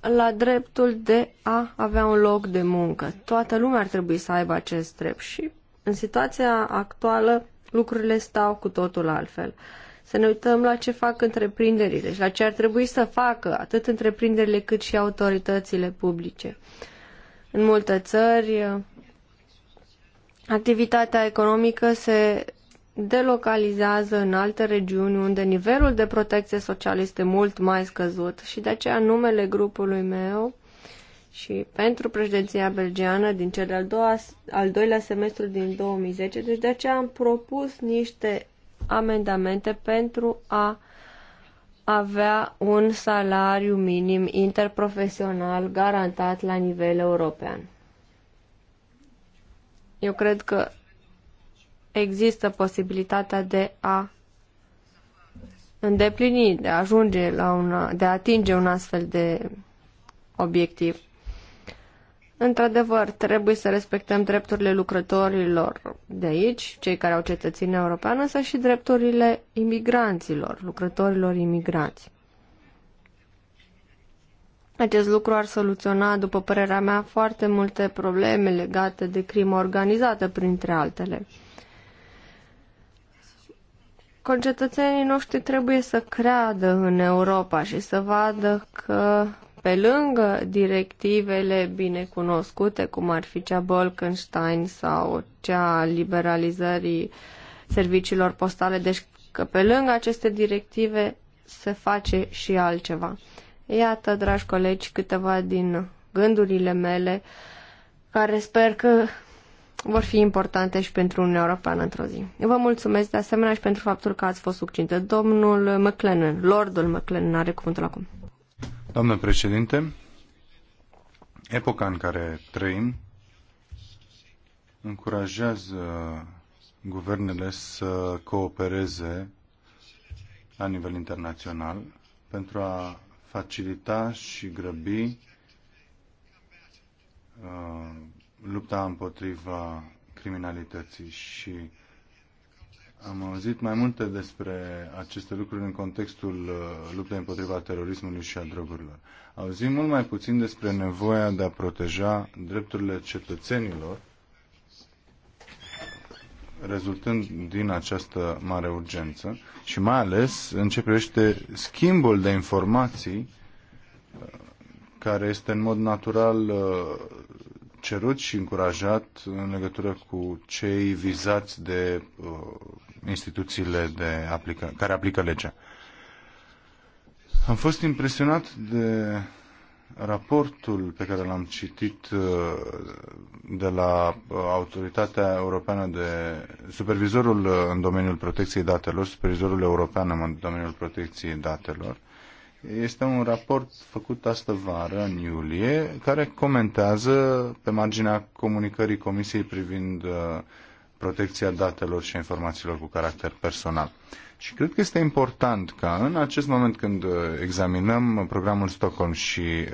la dreptul de a avea un loc de muncă. Toată lumea ar trebui să aibă acest drept și în situația actuală lucrurile stau cu totul altfel. Să ne uităm la ce fac întreprinderile și la ce ar trebui să facă atât întreprinderile cât și autoritățile publice. În multe țări, activitatea economică se delocalizează în alte regiuni unde nivelul de protecție socială este mult mai scăzut și de aceea numele grupului meu și pentru președinția belgiană din cel de-al doua, al doilea semestru din 2010, deci de aceea am propus niște amendamente pentru a avea un salariu minim interprofesional garantat la nivel european. Eu cred că există posibilitatea de a îndeplini, de a ajunge la un, de a atinge un astfel de obiectiv. Într-adevăr, trebuie să respectăm drepturile lucrătorilor de aici, cei care au cetățenie europeană, însă și drepturile imigranților, lucrătorilor imigranți. Acest lucru ar soluționa, după părerea mea, foarte multe probleme legate de crimă organizată, printre altele. Concetățenii noștri trebuie să creadă în Europa și să vadă că pe lângă directivele binecunoscute, cum ar fi cea Bolkenstein sau cea liberalizării serviciilor postale, deci că pe lângă aceste directive se face și altceva. Iată, dragi colegi, câteva din gândurile mele care sper că vor fi importante și pentru Uniunea Europeană într-o zi. Vă mulțumesc de asemenea și pentru faptul că ați fost succintă. Domnul McLennan, Lordul McLennan are cuvântul acum. Doamnă președinte, epoca în care trăim încurajează guvernele să coopereze la nivel internațional pentru a facilita și grăbi uh, lupta împotriva criminalității și am auzit mai multe despre aceste lucruri în contextul uh, luptei împotriva terorismului și a drogurilor. Auzim mult mai puțin despre nevoia de a proteja drepturile cetățenilor rezultând din această mare urgență și mai ales în ce privește schimbul de informații uh, care este în mod natural uh, cerut și încurajat în legătură cu cei vizați de instituțiile de aplică, care aplică legea. Am fost impresionat de raportul pe care l-am citit uh, de la uh, Autoritatea Europeană de Supervizorul uh, în domeniul protecției datelor, Supervizorul European în domeniul protecției datelor, este un raport făcut astă vară, în iulie, care comentează pe marginea comunicării Comisiei privind protecția datelor și informațiilor cu caracter personal. Și cred că este important ca în acest moment când uh, examinăm programul Stockholm și uh,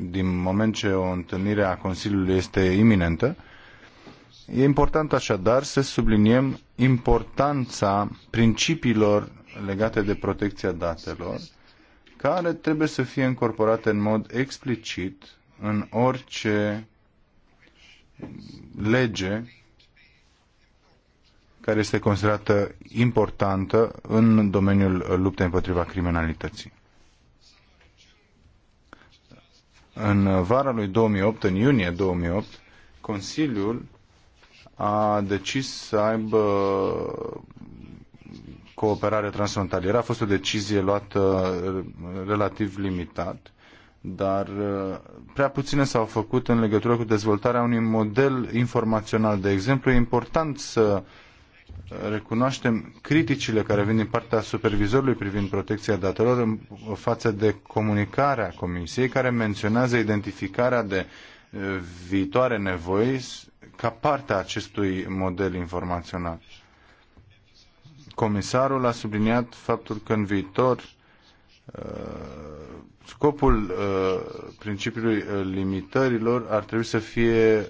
din moment ce o întâlnire a Consiliului este iminentă, e important așadar să subliniem importanța principiilor legate de protecția datelor, care trebuie să fie incorporate în mod explicit în orice lege care este considerată importantă în domeniul luptei împotriva criminalității. În vara lui 2008, în iunie 2008, Consiliul a decis să aibă cooperare transfrontalieră. A fost o decizie luată relativ limitat, dar uh, prea puține s-au făcut în legătură cu dezvoltarea unui model informațional. De exemplu, e important să recunoaștem criticile care vin din partea supervizorului privind protecția datelor în față de comunicarea Comisiei, care menționează identificarea de viitoare nevoi ca parte a acestui model informațional. Comisarul a subliniat faptul că în viitor scopul principiului limitărilor ar trebui să fie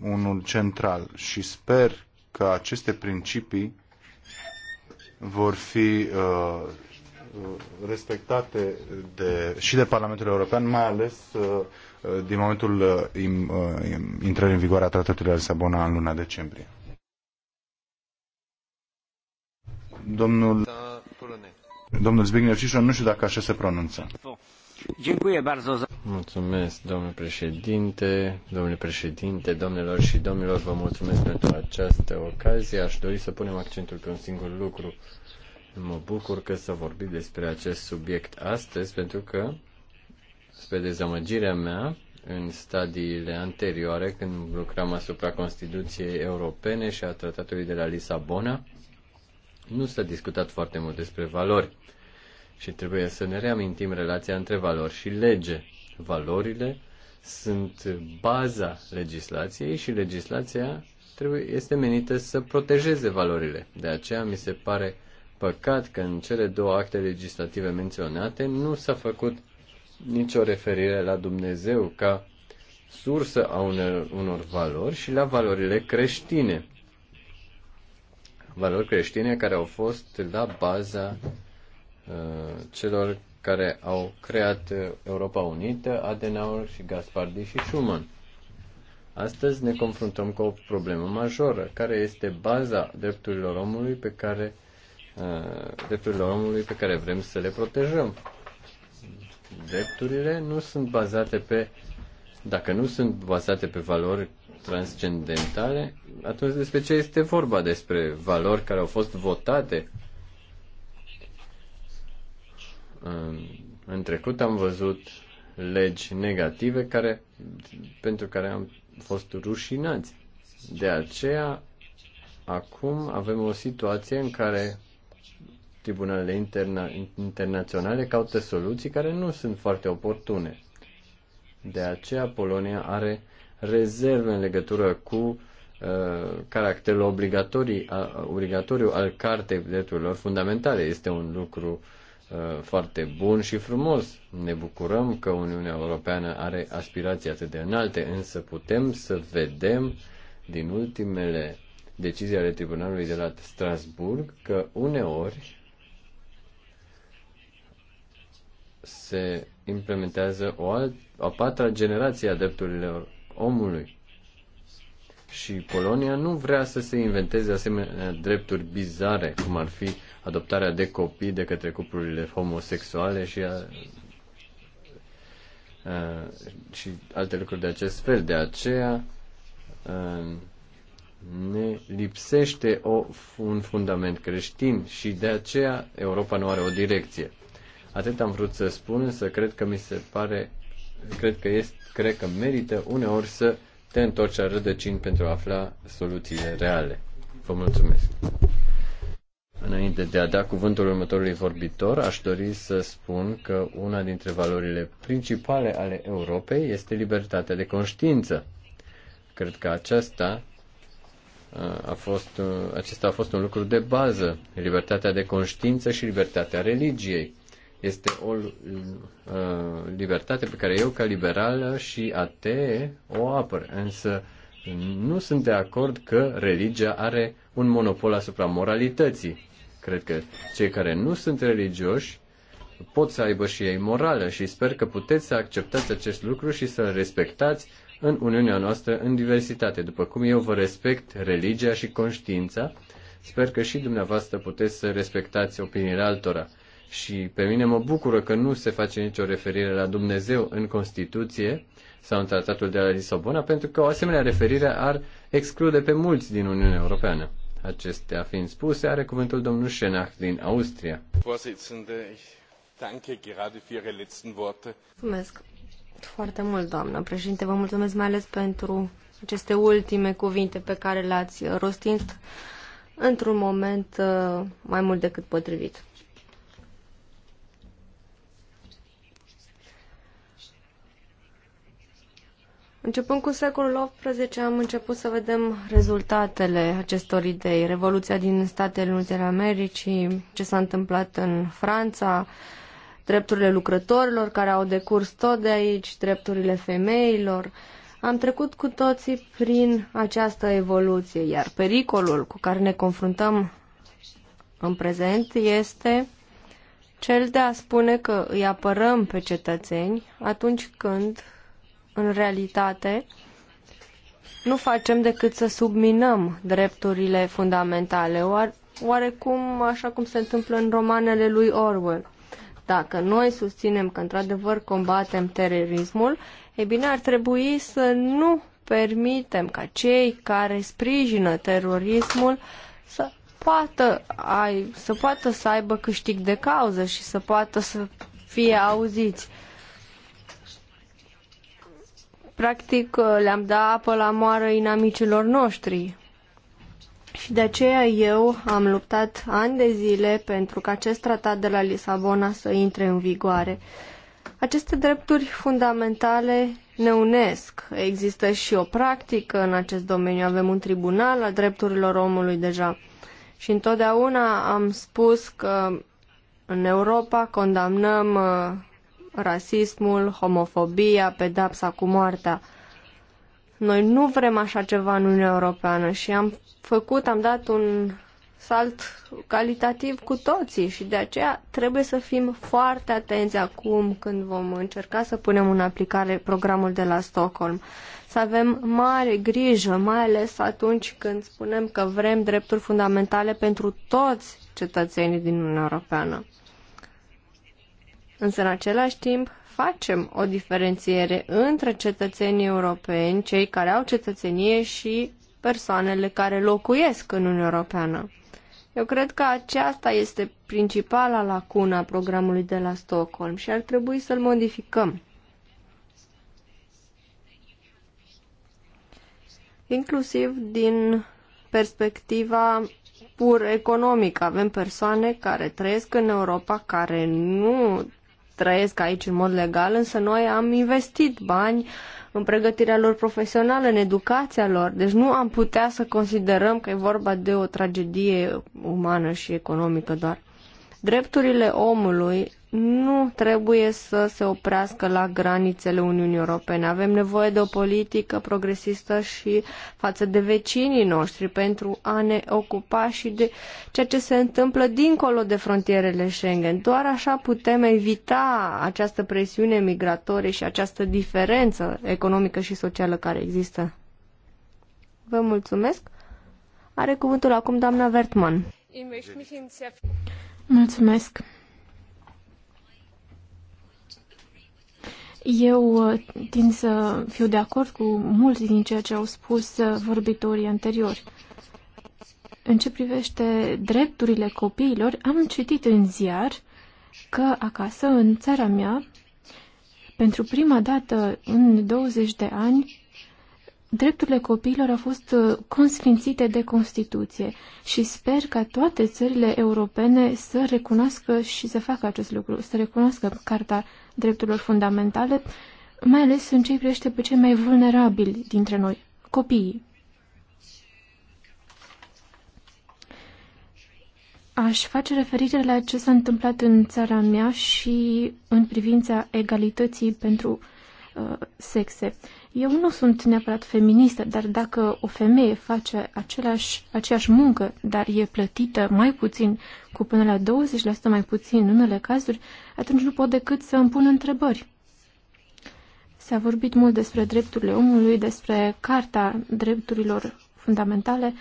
unul central și sper că aceste principii vor fi uh, respectate de, și de Parlamentul European, mai ales uh, din momentul uh, im, uh, intrării în vigoare a Tratatului de Lisabona în luna decembrie. Domnul, da, domnul Zbigniew Cișon, nu știu dacă așa se pronunță. Mulțumesc, domnule președinte, domnule președinte, domnilor și domnilor, vă mulțumesc pentru această ocazie. Aș dori să punem accentul pe un singur lucru. Mă bucur că să vorbim despre acest subiect astăzi, pentru că, spre dezamăgirea mea, în stadiile anterioare, când lucram asupra Constituției Europene și a Tratatului de la Lisabona, nu s-a discutat foarte mult despre valori și trebuie să ne reamintim relația între valori și lege. Valorile sunt baza legislației și legislația trebuie, este menită să protejeze valorile. De aceea mi se pare păcat că în cele două acte legislative menționate nu s-a făcut nicio referire la Dumnezeu ca sursă a unor, unor valori și la valorile creștine. Valori creștine care au fost la baza Uh, celor care au creat uh, Europa Unită, Adenauer și Gaspardi și Schumann. Astăzi ne confruntăm cu o problemă majoră, care este baza drepturilor omului pe care uh, drepturilor omului pe care vrem să le protejăm. Drepturile nu sunt bazate pe dacă nu sunt bazate pe valori transcendentale, atunci despre ce este vorba? Despre valori care au fost votate în trecut am văzut legi negative care, pentru care am fost rușinați. De aceea, acum avem o situație în care tribunalele interna- internaționale caută soluții care nu sunt foarte oportune. De aceea, Polonia are rezerve în legătură cu uh, caracterul obligatoriu al Cartei Drepturilor Fundamentale. Este un lucru uh, Uh, foarte bun și frumos. Ne bucurăm că Uniunea Europeană are aspirații atât de înalte, însă putem să vedem din ultimele decizii ale Tribunalului de la Strasburg că uneori se implementează o, alt, o patra generație a drepturilor omului. Și Polonia nu vrea să se inventeze asemenea drepturi bizare, cum ar fi uh, adoptarea de copii de către cuplurile homosexuale și, a, a, și alte lucruri de acest fel. De aceea a, ne lipsește o, un fundament creștin și de aceea Europa nu are o direcție. Atât am vrut să spun, să cred că mi se pare, cred că, este, cred că merită uneori să te întorci la rădăcini pentru a afla soluțiile reale. Vă mulțumesc! Înainte de a da cuvântul următorului vorbitor, aș dori să spun că una dintre valorile principale ale Europei este libertatea de conștiință. Cred că aceasta uh, a fost, uh, acesta a fost un lucru de bază, libertatea de conștiință și libertatea religiei. Este o uh, libertate pe care eu, ca liberală și atee, o apăr. Însă nu sunt de acord că religia are un monopol asupra moralității Cred că cei care nu sunt religioși pot să aibă și ei morală și sper că puteți să acceptați acest lucru și să-l respectați în Uniunea noastră în diversitate. După cum eu vă respect religia și conștiința, sper că și dumneavoastră puteți să respectați opiniile altora. Și pe mine mă bucură că nu se face nicio referire la Dumnezeu în Constituție sau în Tratatul de la Lisabona, pentru că o asemenea referire ar exclude pe mulți din Uniunea Europeană. Acestea fiind spuse, are cuvântul domnul Schenach din Austria. Mulțumesc foarte mult, doamnă președinte. Vă mulțumesc mai ales pentru aceste ultime cuvinte pe care le-ați rostit într-un moment uh, mai mult decât potrivit. Începând cu secolul XVIII am început să vedem rezultatele acestor idei. Revoluția din Statele Unite ale Americii, ce s-a întâmplat în Franța, drepturile lucrătorilor care au decurs tot de aici, drepturile femeilor. Am trecut cu toții prin această evoluție, iar pericolul cu care ne confruntăm în prezent este cel de a spune că îi apărăm pe cetățeni atunci când în realitate, nu facem decât să subminăm drepturile fundamentale, oarecum așa cum se întâmplă în romanele lui Orwell. Dacă noi susținem că într-adevăr combatem terorismul, e bine ar trebui să nu permitem ca cei care sprijină terorismul să poată, ai, să poată să aibă câștig de cauză și să poată să fie auziți. Uh, Practic uh, le-am dat apă la moară inamicilor noștri. Și de aceea eu am luptat ani de zile pentru ca acest tratat de la Lisabona să intre în vigoare. Aceste drepturi fundamentale ne unesc. Există și o practică în acest domeniu. Avem un tribunal al drepturilor omului deja. Și întotdeauna am spus că în Europa condamnăm uh, rasismul, homofobia, pedapsa cu moartea. Noi nu vrem așa ceva în Uniunea Europeană și am făcut, am dat un salt calitativ cu toții și de aceea trebuie să fim foarte atenți acum când vom încerca să punem în aplicare programul de la Stockholm. Să avem mare grijă, mai ales atunci când spunem că vrem drepturi fundamentale pentru toți cetățenii din Uniunea Europeană. Însă, în același timp, facem o diferențiere între cetățenii europeni, cei care au cetățenie și persoanele care locuiesc în Uniunea Europeană. Eu cred că aceasta este principala lacună a programului de la Stockholm și ar trebui să-l modificăm. Inclusiv din perspectiva pur economică. Avem persoane care trăiesc în Europa, care nu trăiesc aici în mod legal, însă noi am investit bani în pregătirea lor profesională, în educația lor. Deci nu am putea să considerăm că e vorba de o tragedie umană și economică doar. Drepturile omului nu trebuie să se oprească la granițele Uniunii Europene. Avem nevoie de o politică progresistă și față de vecinii noștri pentru a ne ocupa și de ceea ce se întâmplă dincolo de frontierele Schengen. Doar așa putem evita această presiune migratorie și această diferență economică și socială care există. Vă mulțumesc. Are cuvântul acum doamna Vertman. Mulțumesc. Eu uh, tind să fiu de acord cu mulți din ceea ce au spus uh, vorbitorii anteriori. În ce privește drepturile copiilor, am citit în ziar că acasă, în țara mea, pentru prima dată în 20 de ani, drepturile copiilor au fost uh, consfințite de Constituție și sper ca toate țările europene să recunoască și să facă acest lucru, să recunoască Carta Drepturilor Fundamentale, mai ales în ce privește pe cei mai vulnerabili dintre noi, copiii. Aș face referire la ce s-a întâmplat în țara mea și în privința egalității pentru uh, sexe. Uh, eu nu sunt neapărat feministă, dar dacă o femeie face același, aceeași muncă, dar e plătită mai puțin, cu până la 20% mai puțin în unele cazuri, atunci nu pot decât să îmi pun întrebări. S-a vorbit mult despre drepturile omului, despre Carta Drepturilor Fundamentale.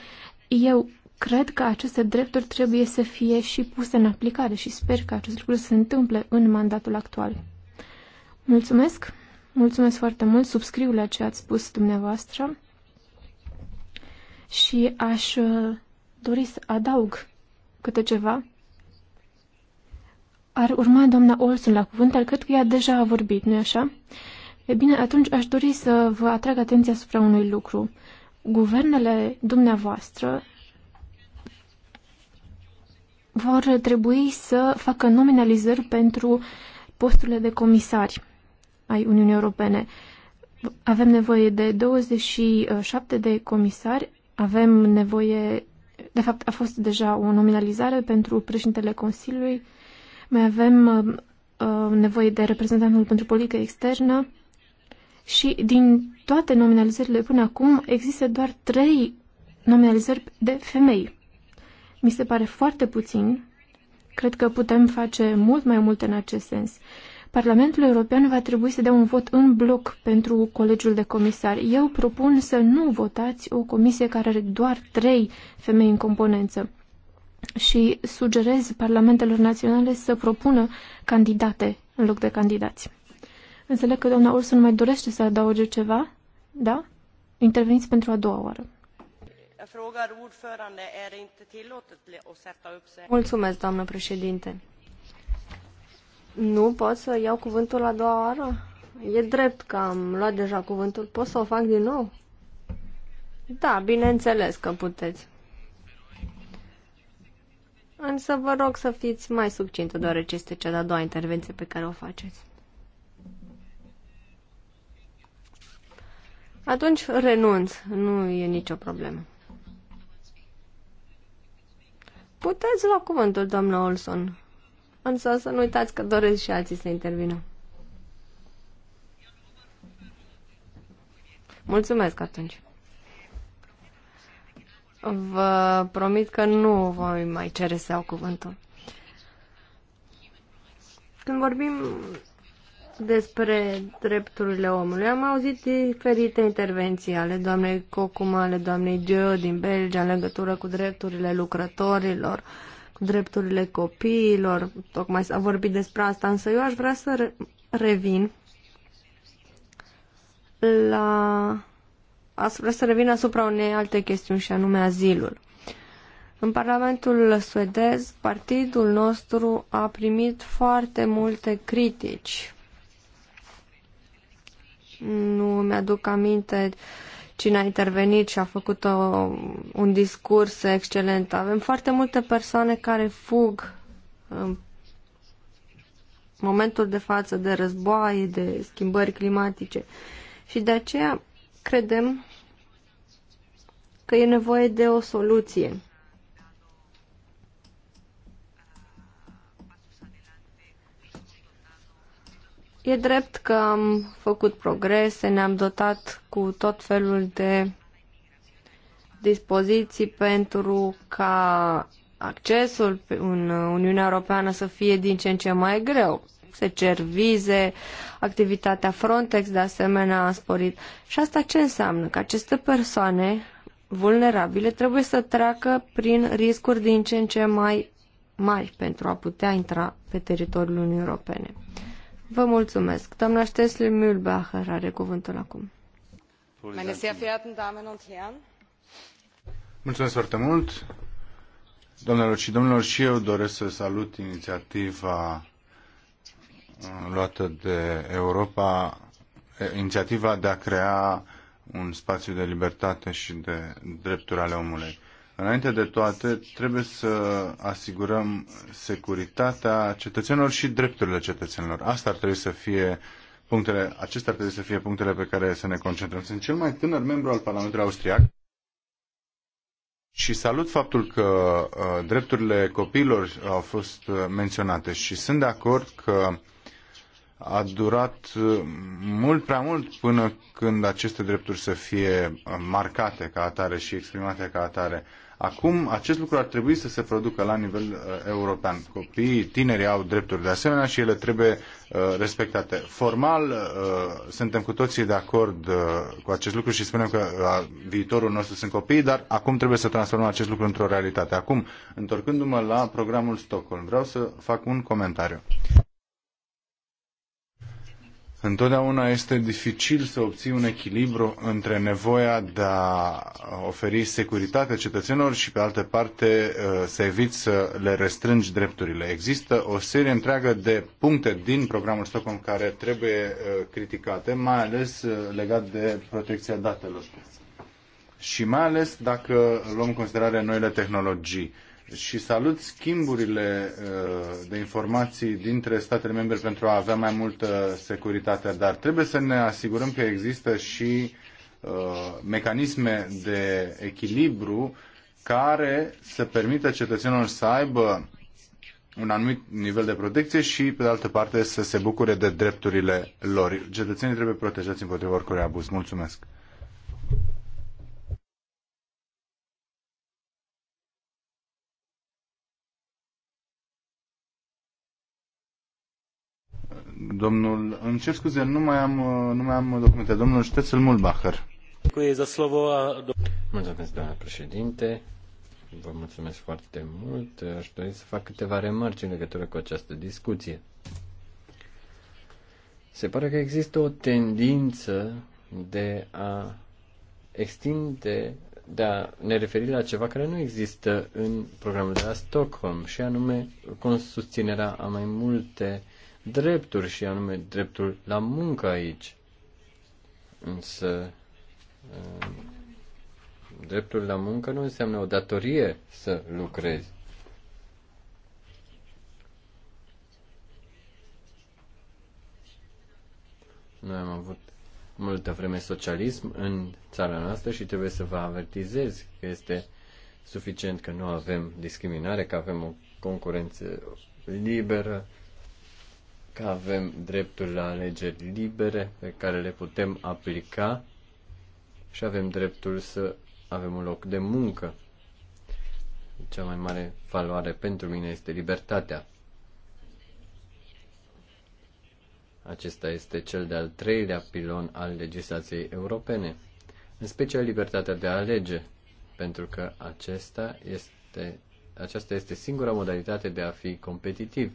Eu cred că aceste drepturi trebuie să fie și puse în aplicare și sper că acest lucru se întâmple în mandatul actual. Mulțumesc! Mulțumesc foarte mult, subscriu la ce ați spus dumneavoastră și aș uh, dori să adaug câte ceva. Ar urma doamna Olson la cuvânt, dar cred că ea deja a vorbit, nu-i așa? E bine, atunci aș dori să vă atrag atenția asupra unui lucru. Guvernele dumneavoastră vor trebui să facă nominalizări pentru posturile de comisari ai Uniunii Europene. Avem nevoie de 27 de comisari, avem nevoie, de fapt a fost deja o nominalizare pentru președintele Consiliului, mai avem uh, uh, nevoie de reprezentantul pentru politică externă și din toate nominalizările până acum există doar trei nominalizări de femei. Mi se pare foarte puțin. Cred că putem face mult mai mult în acest sens. Parlamentul European va trebui să dea un vot în bloc pentru colegiul de comisari. Eu propun să nu votați o comisie care are doar trei femei în componență și sugerez parlamentelor naționale să propună candidate în loc de candidați. Înțeleg că doamna Olson mai dorește să adauge ceva, da? Interveniți pentru a doua oară. Mulțumesc, doamnă președinte. Nu pot să iau cuvântul la doua oară? E drept că am luat deja cuvântul. Pot să o fac din nou? Da, bineînțeles că puteți. Însă vă rog să fiți mai succintă, deoarece este cea de-a doua intervenție pe care o faceți. Atunci renunț, nu e nicio problemă. Puteți lua cuvântul, doamna Olson însă să nu uitați că doresc și alții să intervină. Mulțumesc atunci. Vă promit că nu voi mai cere să iau cuvântul. Când vorbim despre drepturile omului, am auzit diferite intervenții ale doamnei Cocuma, ale doamnei Gio din Belgia în legătură cu drepturile lucrătorilor, uh, drepturile copiilor, tocmai s-a vorbit despre asta, însă eu aș vrea să re revin la... Aș vrea să revin asupra unei alte chestiuni și anume azilul. În Parlamentul suedez, partidul nostru a primit foarte multe critici. Nu mi-aduc aminte uh, cine a intervenit și a făcut o, un discurs excelent. Avem foarte multe persoane care fug în momentul de față de războaie, de schimbări climatice. Și de aceea credem că e nevoie de o soluție E drept că am făcut progrese, ne-am dotat cu tot felul de dispoziții pentru ca accesul în Uniunea Europeană să fie din ce în ce mai greu. Se cer vize, activitatea Frontex de asemenea a sporit. Și asta ce înseamnă? Că aceste persoane vulnerabile trebuie să treacă prin riscuri din ce în ce mai mari pentru a putea intra pe teritoriul Uniunii Europene. Vă mulțumesc. Doamna Stesle Mühlbacher are cuvântul acum. Mulțumesc foarte mult. Doamnelor și domnilor, și eu doresc să salut inițiativa uh, luată de Europa, eh, inițiativa de a crea un spațiu de libertate și de drepturi ale omului. Înainte de toate, trebuie să asigurăm securitatea cetățenilor și drepturile cetățenilor. Asta ar trebui să fie punctele, acestea ar trebui să fie punctele pe care să ne concentrăm. Sunt cel mai tânăr membru al Parlamentului Austriac și salut faptul că uh, drepturile copiilor au fost uh, menționate și sunt de acord că uh, a durat uh, mult prea mult până când aceste drepturi să fie uh, marcate ca atare și exprimate ca atare. Acum acest lucru ar trebui să se producă la nivel uh, european. Copiii, tinerii au drepturi de asemenea și ele trebuie uh, respectate. Formal, uh, suntem cu toții de acord uh, cu acest lucru și spunem că uh, viitorul nostru sunt copiii, dar acum trebuie să transformăm acest lucru într-o realitate. Acum, întorcându-mă la programul Stockholm, vreau să fac un comentariu. Întotdeauna este dificil să obții un echilibru între nevoia de a oferi securitate cetățenilor și, pe altă parte, uh, să eviți să le restrângi drepturile. Există o serie întreagă de puncte din programul Stockholm care trebuie uh, criticate, mai ales uh, legat de protecția datelor. Și mai ales dacă luăm în considerare noile tehnologii și salut schimburile uh, de informații dintre statele membre pentru a avea mai multă securitate, dar trebuie să ne asigurăm că există și uh, mecanisme de echilibru care să permită cetățenilor să aibă un anumit nivel de protecție și, pe de altă parte, să se bucure de drepturile lor. Cetățenii trebuie protejați împotriva oricărui abuz. Mulțumesc! Domnul, îmi cer scuze, nu mai am, nu mai am documente. Domnul Ștețel Mulbacher. Mulțumesc, doamna președinte. Vă mulțumesc foarte mult. Aș dori să fac câteva remarci în legătură cu această discuție. Se pare că există o tendință de a extinde, de a ne referi la ceva care nu există în programul de la Stockholm, și anume susținerea a mai multe drepturi și anume dreptul la muncă aici. Însă uh, dreptul la muncă nu înseamnă o datorie să lucrezi. Noi am avut multă vreme socialism în țara noastră și trebuie să vă avertizez că este suficient că nu avem discriminare, că avem o concurență liberă, că avem dreptul la alegeri libere pe care le putem aplica și avem dreptul să avem un loc de muncă. Cea mai mare valoare pentru mine este libertatea. Acesta este cel de-al treilea pilon al legislației europene, în special libertatea de a alege, pentru că acesta este, aceasta este singura modalitate de a fi competitiv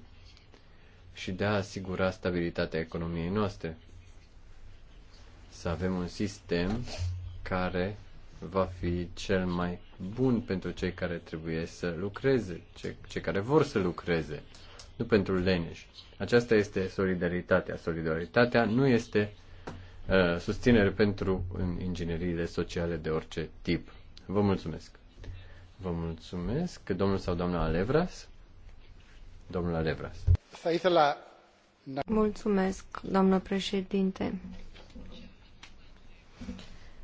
și de a asigura stabilitatea economiei noastre. Să avem un sistem care va fi cel mai bun pentru cei care trebuie să lucreze, cei, cei care vor să lucreze, nu pentru leneși. Aceasta este solidaritatea. Solidaritatea nu este uh, susținere pentru ingineriile sociale de orice tip. Vă mulțumesc! Vă mulțumesc, domnul sau doamna Alevras. Mulțumesc, președinte.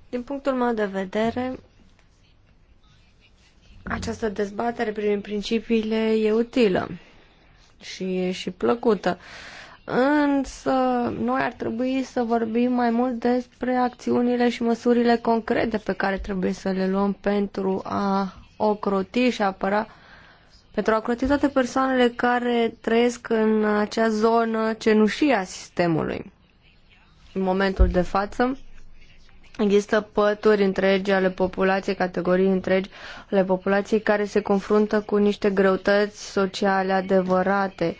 Din punctul meu de vedere, această dezbatere prin principiile e utilă și e și plăcută. Însă, noi ar trebui să vorbim mai mult despre acțiunile și măsurile concrete pe care trebuie să le luăm pentru a ocroti și a apăra pentru a croti toate persoanele care trăiesc în acea zonă cenușie a sistemului. În momentul de față, există pături întregi ale populației, categorii întregi ale populației care se confruntă cu niște greutăți sociale adevărate.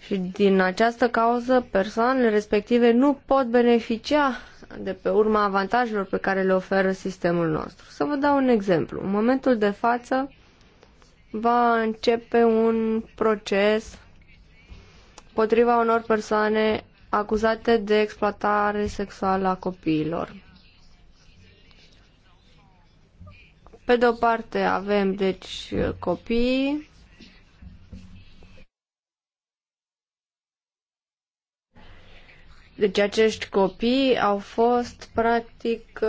Și din această cauză, persoanele respective nu pot beneficia de pe urma avantajelor pe care le oferă sistemul nostru. Să vă dau un exemplu. În momentul de față, va începe un proces potriva unor persoane acuzate de exploatare sexuală a copiilor. Pe de o parte avem, deci, copii. Deci acești copii au fost, practic,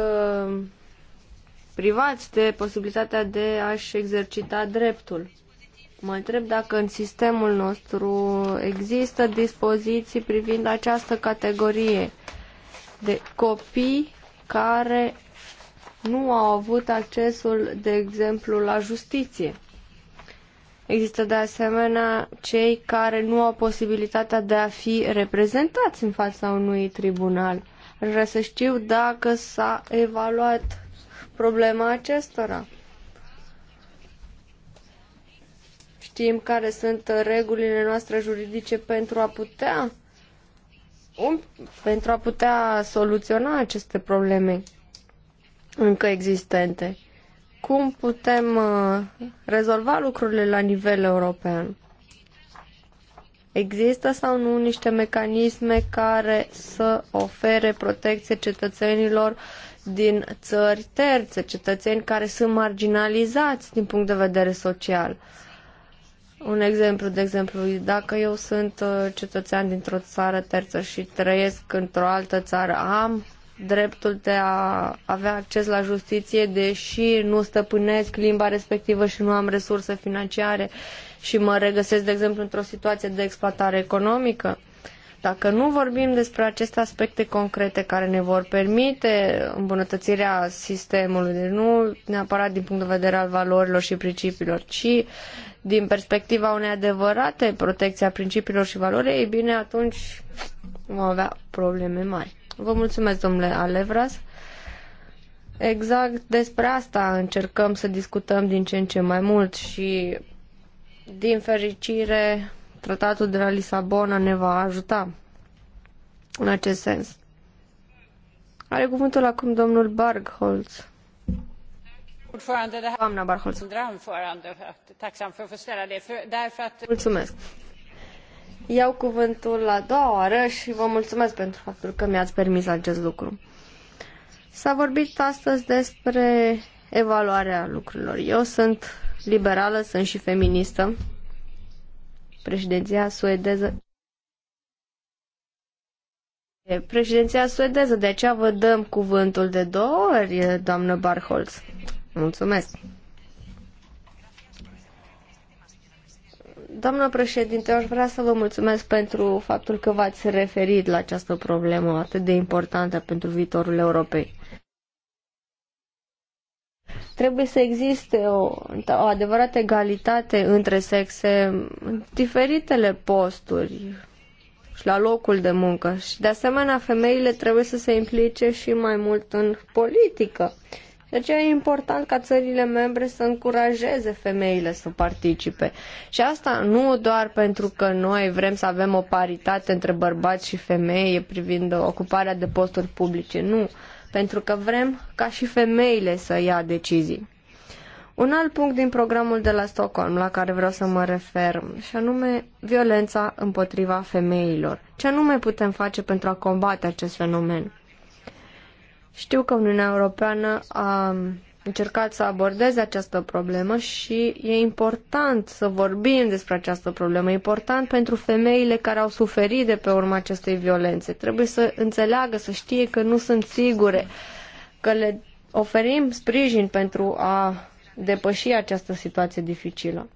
privați de posibilitatea de a-și exercita dreptul. Mă întreb dacă în sistemul nostru există dispoziții privind această categorie de copii care nu au avut accesul, de exemplu, la justiție. Există de asemenea cei care nu au posibilitatea de a fi reprezentați în fața unui tribunal. Aș vrea să știu dacă s-a evaluat problema acestora. Știm care sunt regulile noastre juridice pentru a putea um, pentru a putea soluționa aceste probleme încă existente. Cum putem uh, rezolva lucrurile la nivel european? Există sau nu niște mecanisme care să ofere protecție cetățenilor din țări terțe, cetățeni care sunt marginalizați din punct de vedere social. Un exemplu, de exemplu, dacă eu sunt uh, cetățean dintr-o țară terță și trăiesc într-o altă țară, am dreptul de a avea acces la justiție, deși nu stăpânesc limba respectivă și nu am resurse financiare și mă regăsesc, de exemplu, într-o situație de exploatare economică. Dacă nu vorbim despre aceste aspecte concrete care ne vor permite îmbunătățirea sistemului, deci nu neapărat din punct de vedere al valorilor și principiilor, ci din perspectiva unei adevărate protecții a principiilor și valorii, ei bine, atunci vom avea probleme mari. Vă mulțumesc, domnule Alevras. Exact despre asta încercăm să discutăm din ce în ce mai mult și, din fericire, Tratatul de la Lisabona ne va ajuta în acest sens. Are cuvântul acum domnul Bargholz. Doamna Bargholz. Mulțumesc. Iau cuvântul la doua oară și vă mulțumesc pentru faptul că mi-ați permis acest lucru. S-a vorbit astăzi despre evaluarea lucrurilor. Eu sunt liberală, sunt și feministă Președinția suedeză Președinția suedeză, de aceea vă dăm cuvântul de două ori, doamnă Barholz. Mulțumesc. Doamnă președinte, aș vrea să vă mulțumesc pentru faptul că v-ați referit la această problemă atât de importantă pentru viitorul Europei. Trebuie să existe o, o adevărată egalitate între sexe în diferitele posturi și la locul de muncă. Și de asemenea, femeile trebuie să se implice și mai mult în politică. De aceea e important ca țările membre să încurajeze femeile să participe. Și asta nu doar pentru că noi vrem să avem o paritate între bărbați și femei privind ocuparea de posturi publice, nu pentru că vrem ca și femeile să ia decizii. Un alt punct din programul de la Stockholm la care vreau să mă refer, și anume violența împotriva femeilor. Ce anume putem face pentru a combate acest fenomen? Știu că Uniunea Europeană a încercat să abordeze această problemă și e important să vorbim despre această problemă. E important pentru femeile care au suferit de pe urma acestei violențe. Trebuie să înțeleagă, să știe că nu sunt sigure, că le oferim sprijin pentru a depăși această situație dificilă.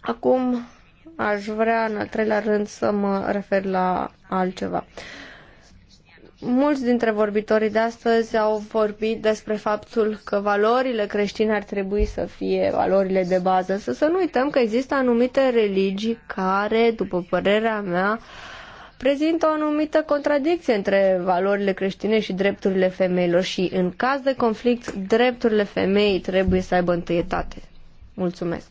Acum aș vrea, în al treilea rând, să mă refer la altceva. Uh, mulți dintre vorbitorii de astăzi au vorbit despre faptul că valorile creștine ar trebui să fie valorile de bază, să să nu uităm că există anumite religii care, după părerea mea, prezintă o anumită contradicție între valorile creștine și drepturile femeilor și, în caz de conflict, drepturile femeii trebuie să aibă întâietate. Mulțumesc!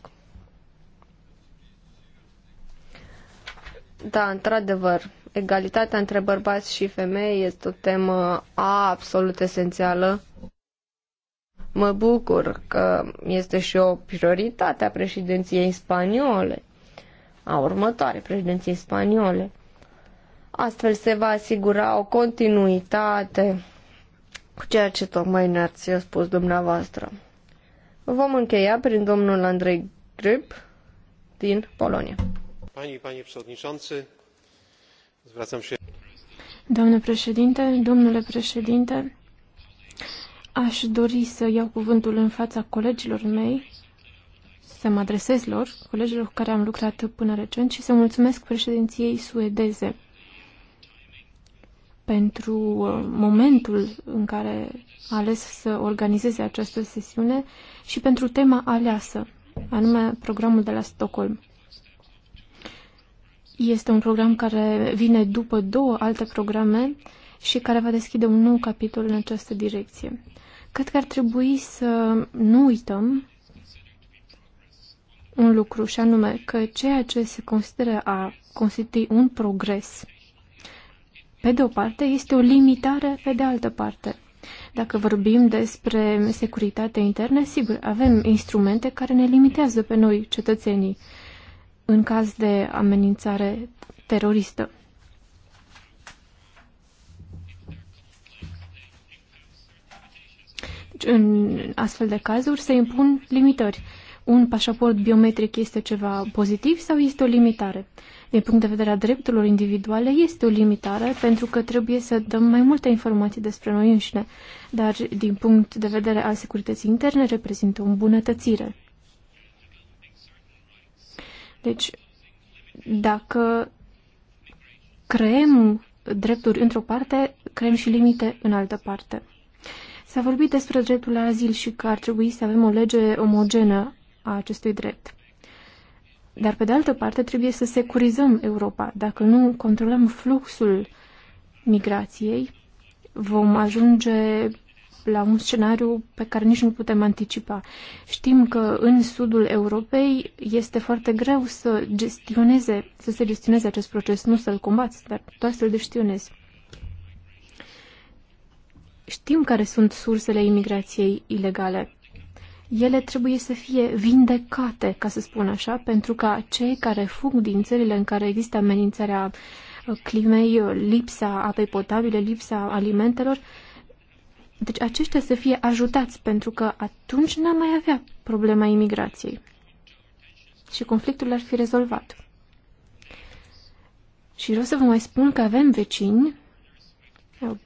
Da, într-adevăr, Egalitatea între bărbați și femei este o temă absolut esențială. Mă bucur că este și o prioritate a președinției spaniole, a următoare președinției spaniole. Astfel se va asigura o continuitate cu ceea ce tocmai ne-ați spus dumneavoastră. Vom încheia prin domnul Andrei Grip din Polonia. Panie, panie Domnule președinte, domnule președinte, aș dori să iau cuvântul în fața colegilor mei, să mă adresez lor, colegilor cu care am lucrat până recent și să mulțumesc președinției suedeze pentru uh, momentul în care a ales să organizeze această sesiune și pentru tema aleasă, anume programul de la Stockholm. Este un program care vine după două alte programe și care va deschide un nou capitol în această direcție. Cred că ar trebui să nu uităm un lucru, și anume că ceea ce se consideră a constitui un progres, pe de o parte, este o limitare pe de altă parte. Dacă vorbim despre securitatea internă, sigur, avem instrumente care ne limitează pe noi, cetățenii, în caz de amenințare teroristă. Deci, în astfel de cazuri se impun limitări. Un pașaport biometric este ceva pozitiv sau este o limitare? Din punct de vedere a drepturilor individuale, este o limitare pentru că trebuie să dăm mai multe informații despre noi înșine, dar din punct de vedere al securității interne reprezintă o îmbunătățire. Deci, dacă creăm drepturi într-o parte, creăm și limite în altă parte. S-a vorbit despre dreptul la azil și că ar trebui să avem o lege omogenă a acestui drept. Dar, pe de altă parte, trebuie să securizăm Europa. Dacă nu controlăm fluxul migrației, vom ajunge la un scenariu pe care nici nu putem anticipa. Știm că în sudul Europei este foarte greu să gestioneze, să se gestioneze acest proces, nu să-l combați, dar doar să-l gestionezi. Știm care sunt sursele imigrației ilegale. Ele trebuie să fie vindecate, ca să spun așa, pentru ca cei care fug din țările în care există amenințarea climei, lipsa apei potabile, lipsa alimentelor, deci aceștia să fie ajutați, pentru că atunci n-am mai avea problema imigrației și conflictul ar fi rezolvat. Și vreau să vă mai spun că avem vecini.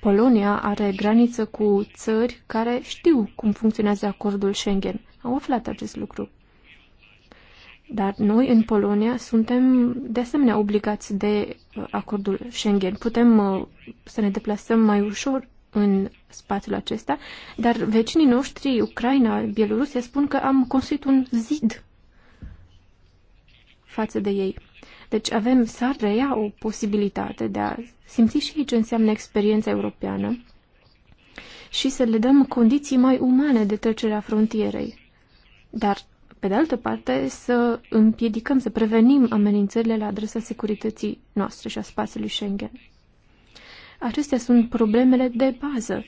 Polonia are graniță cu țări care știu cum funcționează acordul Schengen. Au aflat acest lucru. Dar noi, în Polonia, suntem de asemenea obligați de uh, acordul Schengen. Putem uh, să ne deplasăm mai ușor în spațiul acesta, dar vecinii noștri, Ucraina, Bielorusia, spun că am construit un zid față de ei. Deci avem să reia o posibilitate de a simți și ei ce înseamnă experiența europeană și să le dăm condiții mai umane de trecere a frontierei. Dar, pe de altă parte, să împiedicăm, să prevenim amenințările la adresa securității noastre și a spațiului Schengen. Acestea sunt problemele de bază.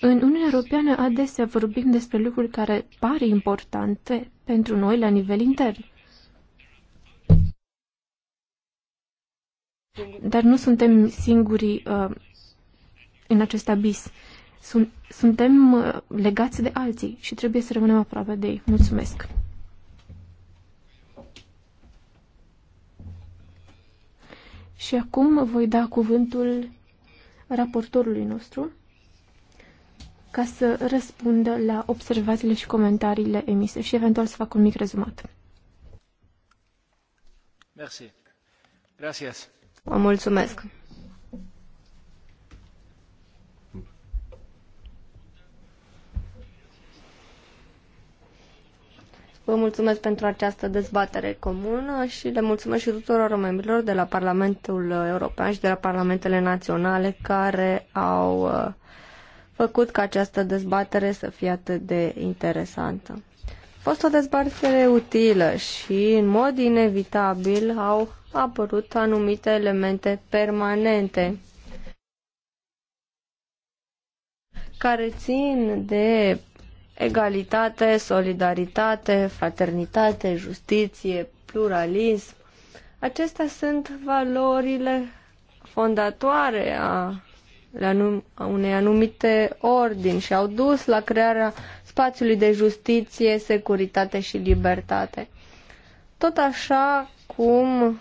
În Uniunea Europeană adesea vorbim despre lucruri care par importante pentru noi la nivel intern. Dar nu suntem singuri uh, în acest abis. Sunt, suntem uh, legați de alții și trebuie să rămânem aproape de ei. Mulțumesc! Și acum voi da cuvântul raportorului nostru ca să răspundă la observațiile și comentariile emise și eventual să fac un mic rezumat. Merci. Gracias. Vă mulțumesc. Vă mulțumesc pentru această dezbatere comună și le mulțumesc și tuturor membrilor de la Parlamentul European și de la Parlamentele Naționale care au uh, făcut ca această dezbatere să fie atât de interesantă. A fost o dezbatere utilă și, în mod inevitabil, au apărut anumite elemente permanente care țin de egalitate, solidaritate, fraternitate, justiție, pluralism. Acestea sunt valorile fondatoare a, a unei anumite ordini și au dus la crearea spațiului de justiție, securitate și libertate. Tot așa cum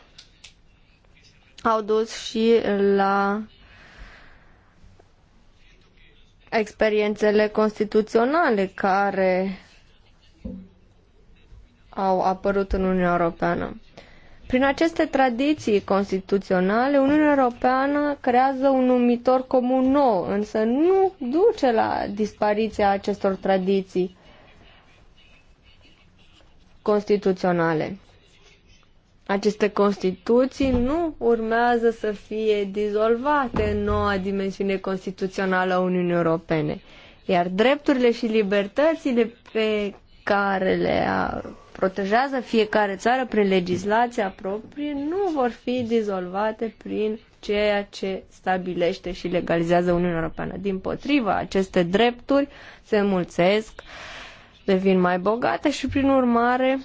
au dus și la experiențele constituționale care au apărut în Uniunea Europeană. Prin aceste tradiții constituționale, Uniunea Europeană creează un numitor comun nou, însă nu duce la dispariția acestor tradiții constituționale aceste constituții nu urmează să fie dizolvate în noua dimensiune constituțională a Uniunii Europene. Iar drepturile și libertățile pe care le protejează fiecare țară prin legislația proprie nu vor fi dizolvate prin ceea ce stabilește și legalizează Uniunea Europeană. Din potriva, aceste drepturi se mulțesc, devin mai bogate și, prin urmare,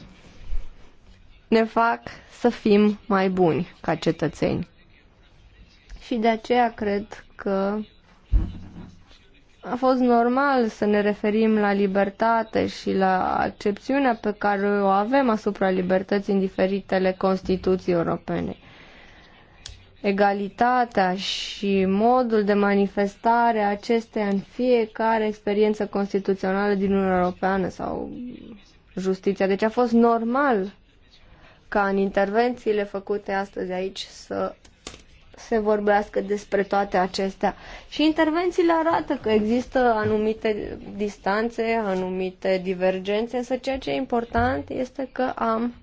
ne fac să fim mai buni ca cetățeni. Și de aceea cred că a fost normal să ne referim la libertate și la accepțiunea pe care o avem asupra libertății în diferitele Constituții europene. Egalitatea și modul de manifestare a acesteia în fiecare experiență constituțională din Uniunea Europeană sau justiția. Deci a fost normal ca în intervențiile făcute astăzi aici să se vorbească despre toate acestea. Și intervențiile arată că există anumite distanțe, anumite divergențe, însă ceea ce e important este că am,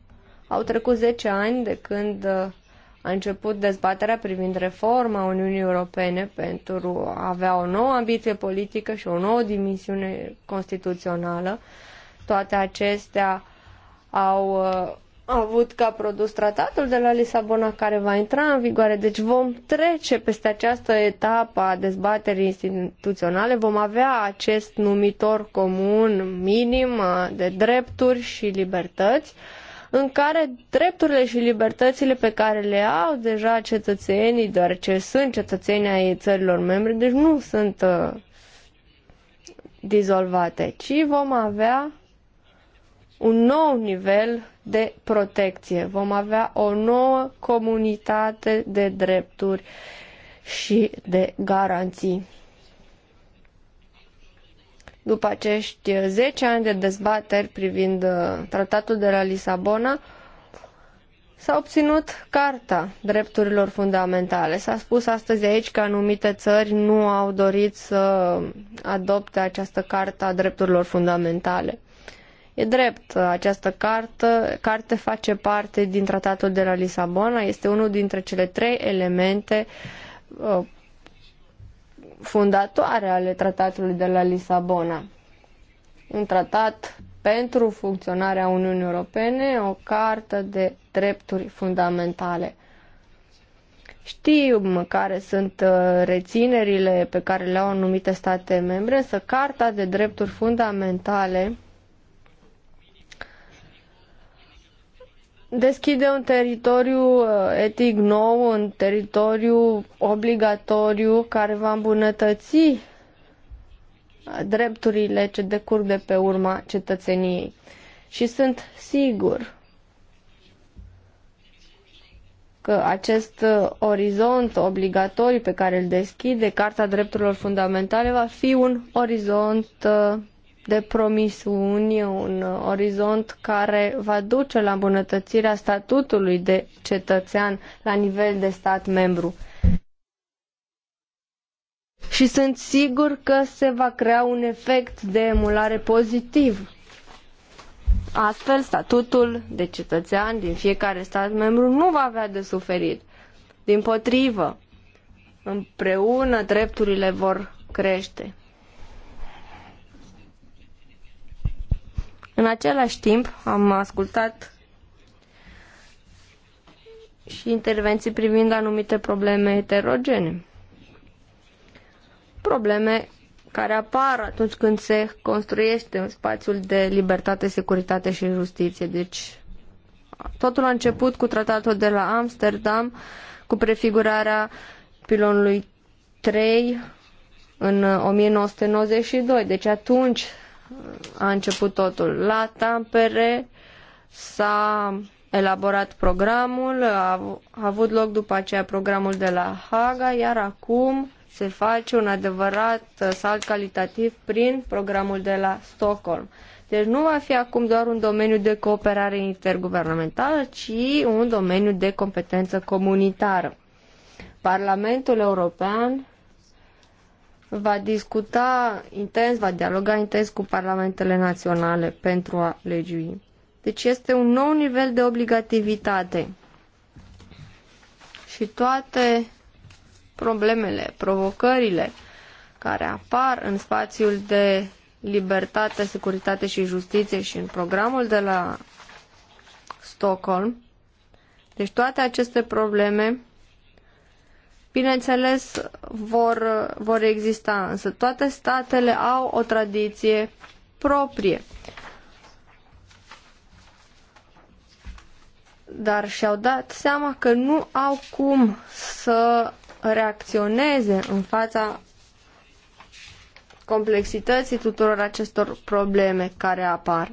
au trecut 10 ani de când uh, a început dezbaterea privind reforma Uniunii Europene pentru a avea o nouă ambiție politică și o nouă dimensiune constituțională. Toate acestea au uh, avut ca produs tratatul de la Lisabona care va intra în vigoare. Deci vom trece peste această etapă a dezbaterii instituționale, vom avea acest numitor comun minim de drepturi și libertăți în care drepturile și libertățile pe care le au deja cetățenii, deoarece sunt cetățenii ai țărilor membre, deci nu sunt uh, dizolvate, ci vom avea un nou nivel de protecție. Vom avea o nouă comunitate de drepturi și de garanții. După acești 10 ani de dezbateri privind uh, tratatul de la Lisabona, s-a obținut Carta Drepturilor Fundamentale. S-a spus astăzi aici că anumite țări nu au dorit să adopte această Carta Drepturilor Fundamentale. E drept, această carte, carte face parte din tratatul de la Lisabona, este unul dintre cele trei elemente uh, fundatoare ale tratatului de la Lisabona. Un tratat pentru funcționarea Uniunii Europene, o cartă de drepturi fundamentale. Știm care sunt uh, reținerile pe care le au anumite state membre, însă Carta de Drepturi Fundamentale deschide un teritoriu uh, etic nou, un teritoriu obligatoriu care va îmbunătăți drepturile ce decurg de pe urma cetățeniei. Și sunt sigur că acest uh, orizont obligatoriu pe care îl deschide Carta Drepturilor Fundamentale va fi un orizont uh, de promisiuni, un orizont care va duce la îmbunătățirea statutului de cetățean la nivel de stat membru. Și sunt sigur că se va crea un efect de emulare pozitiv. Astfel, statutul de cetățean din fiecare stat membru nu va avea de suferit. Din potrivă, împreună drepturile vor crește. În același timp, am ascultat și intervenții privind anumite probleme heterogene. Probleme care apar atunci când se construiește un spațiul de libertate, securitate și justiție. Deci, totul a început cu tratatul de la Amsterdam, cu prefigurarea pilonului 3 în 1992. Uh, deci atunci a început totul. La Tampere s-a elaborat programul, a avut loc după aceea programul de la Haga, iar acum se face un adevărat uh, salt calitativ prin programul de la Stockholm. Deci nu va fi acum doar un domeniu de cooperare interguvernamentală, ci un domeniu de competență comunitară. Parlamentul European va discuta intens, va dialoga intens cu parlamentele naționale pentru a legiui. Deci este un nou nivel de obligativitate. Și toate problemele, provocările care apar în spațiul de libertate, securitate și justiție și în programul de la Stockholm. Deci toate aceste probleme Bineînțeles, vor, vor exista, însă toate statele au o tradiție proprie. Dar și-au dat seama că nu au cum să reacționeze în fața complexității tuturor acestor probleme care apar.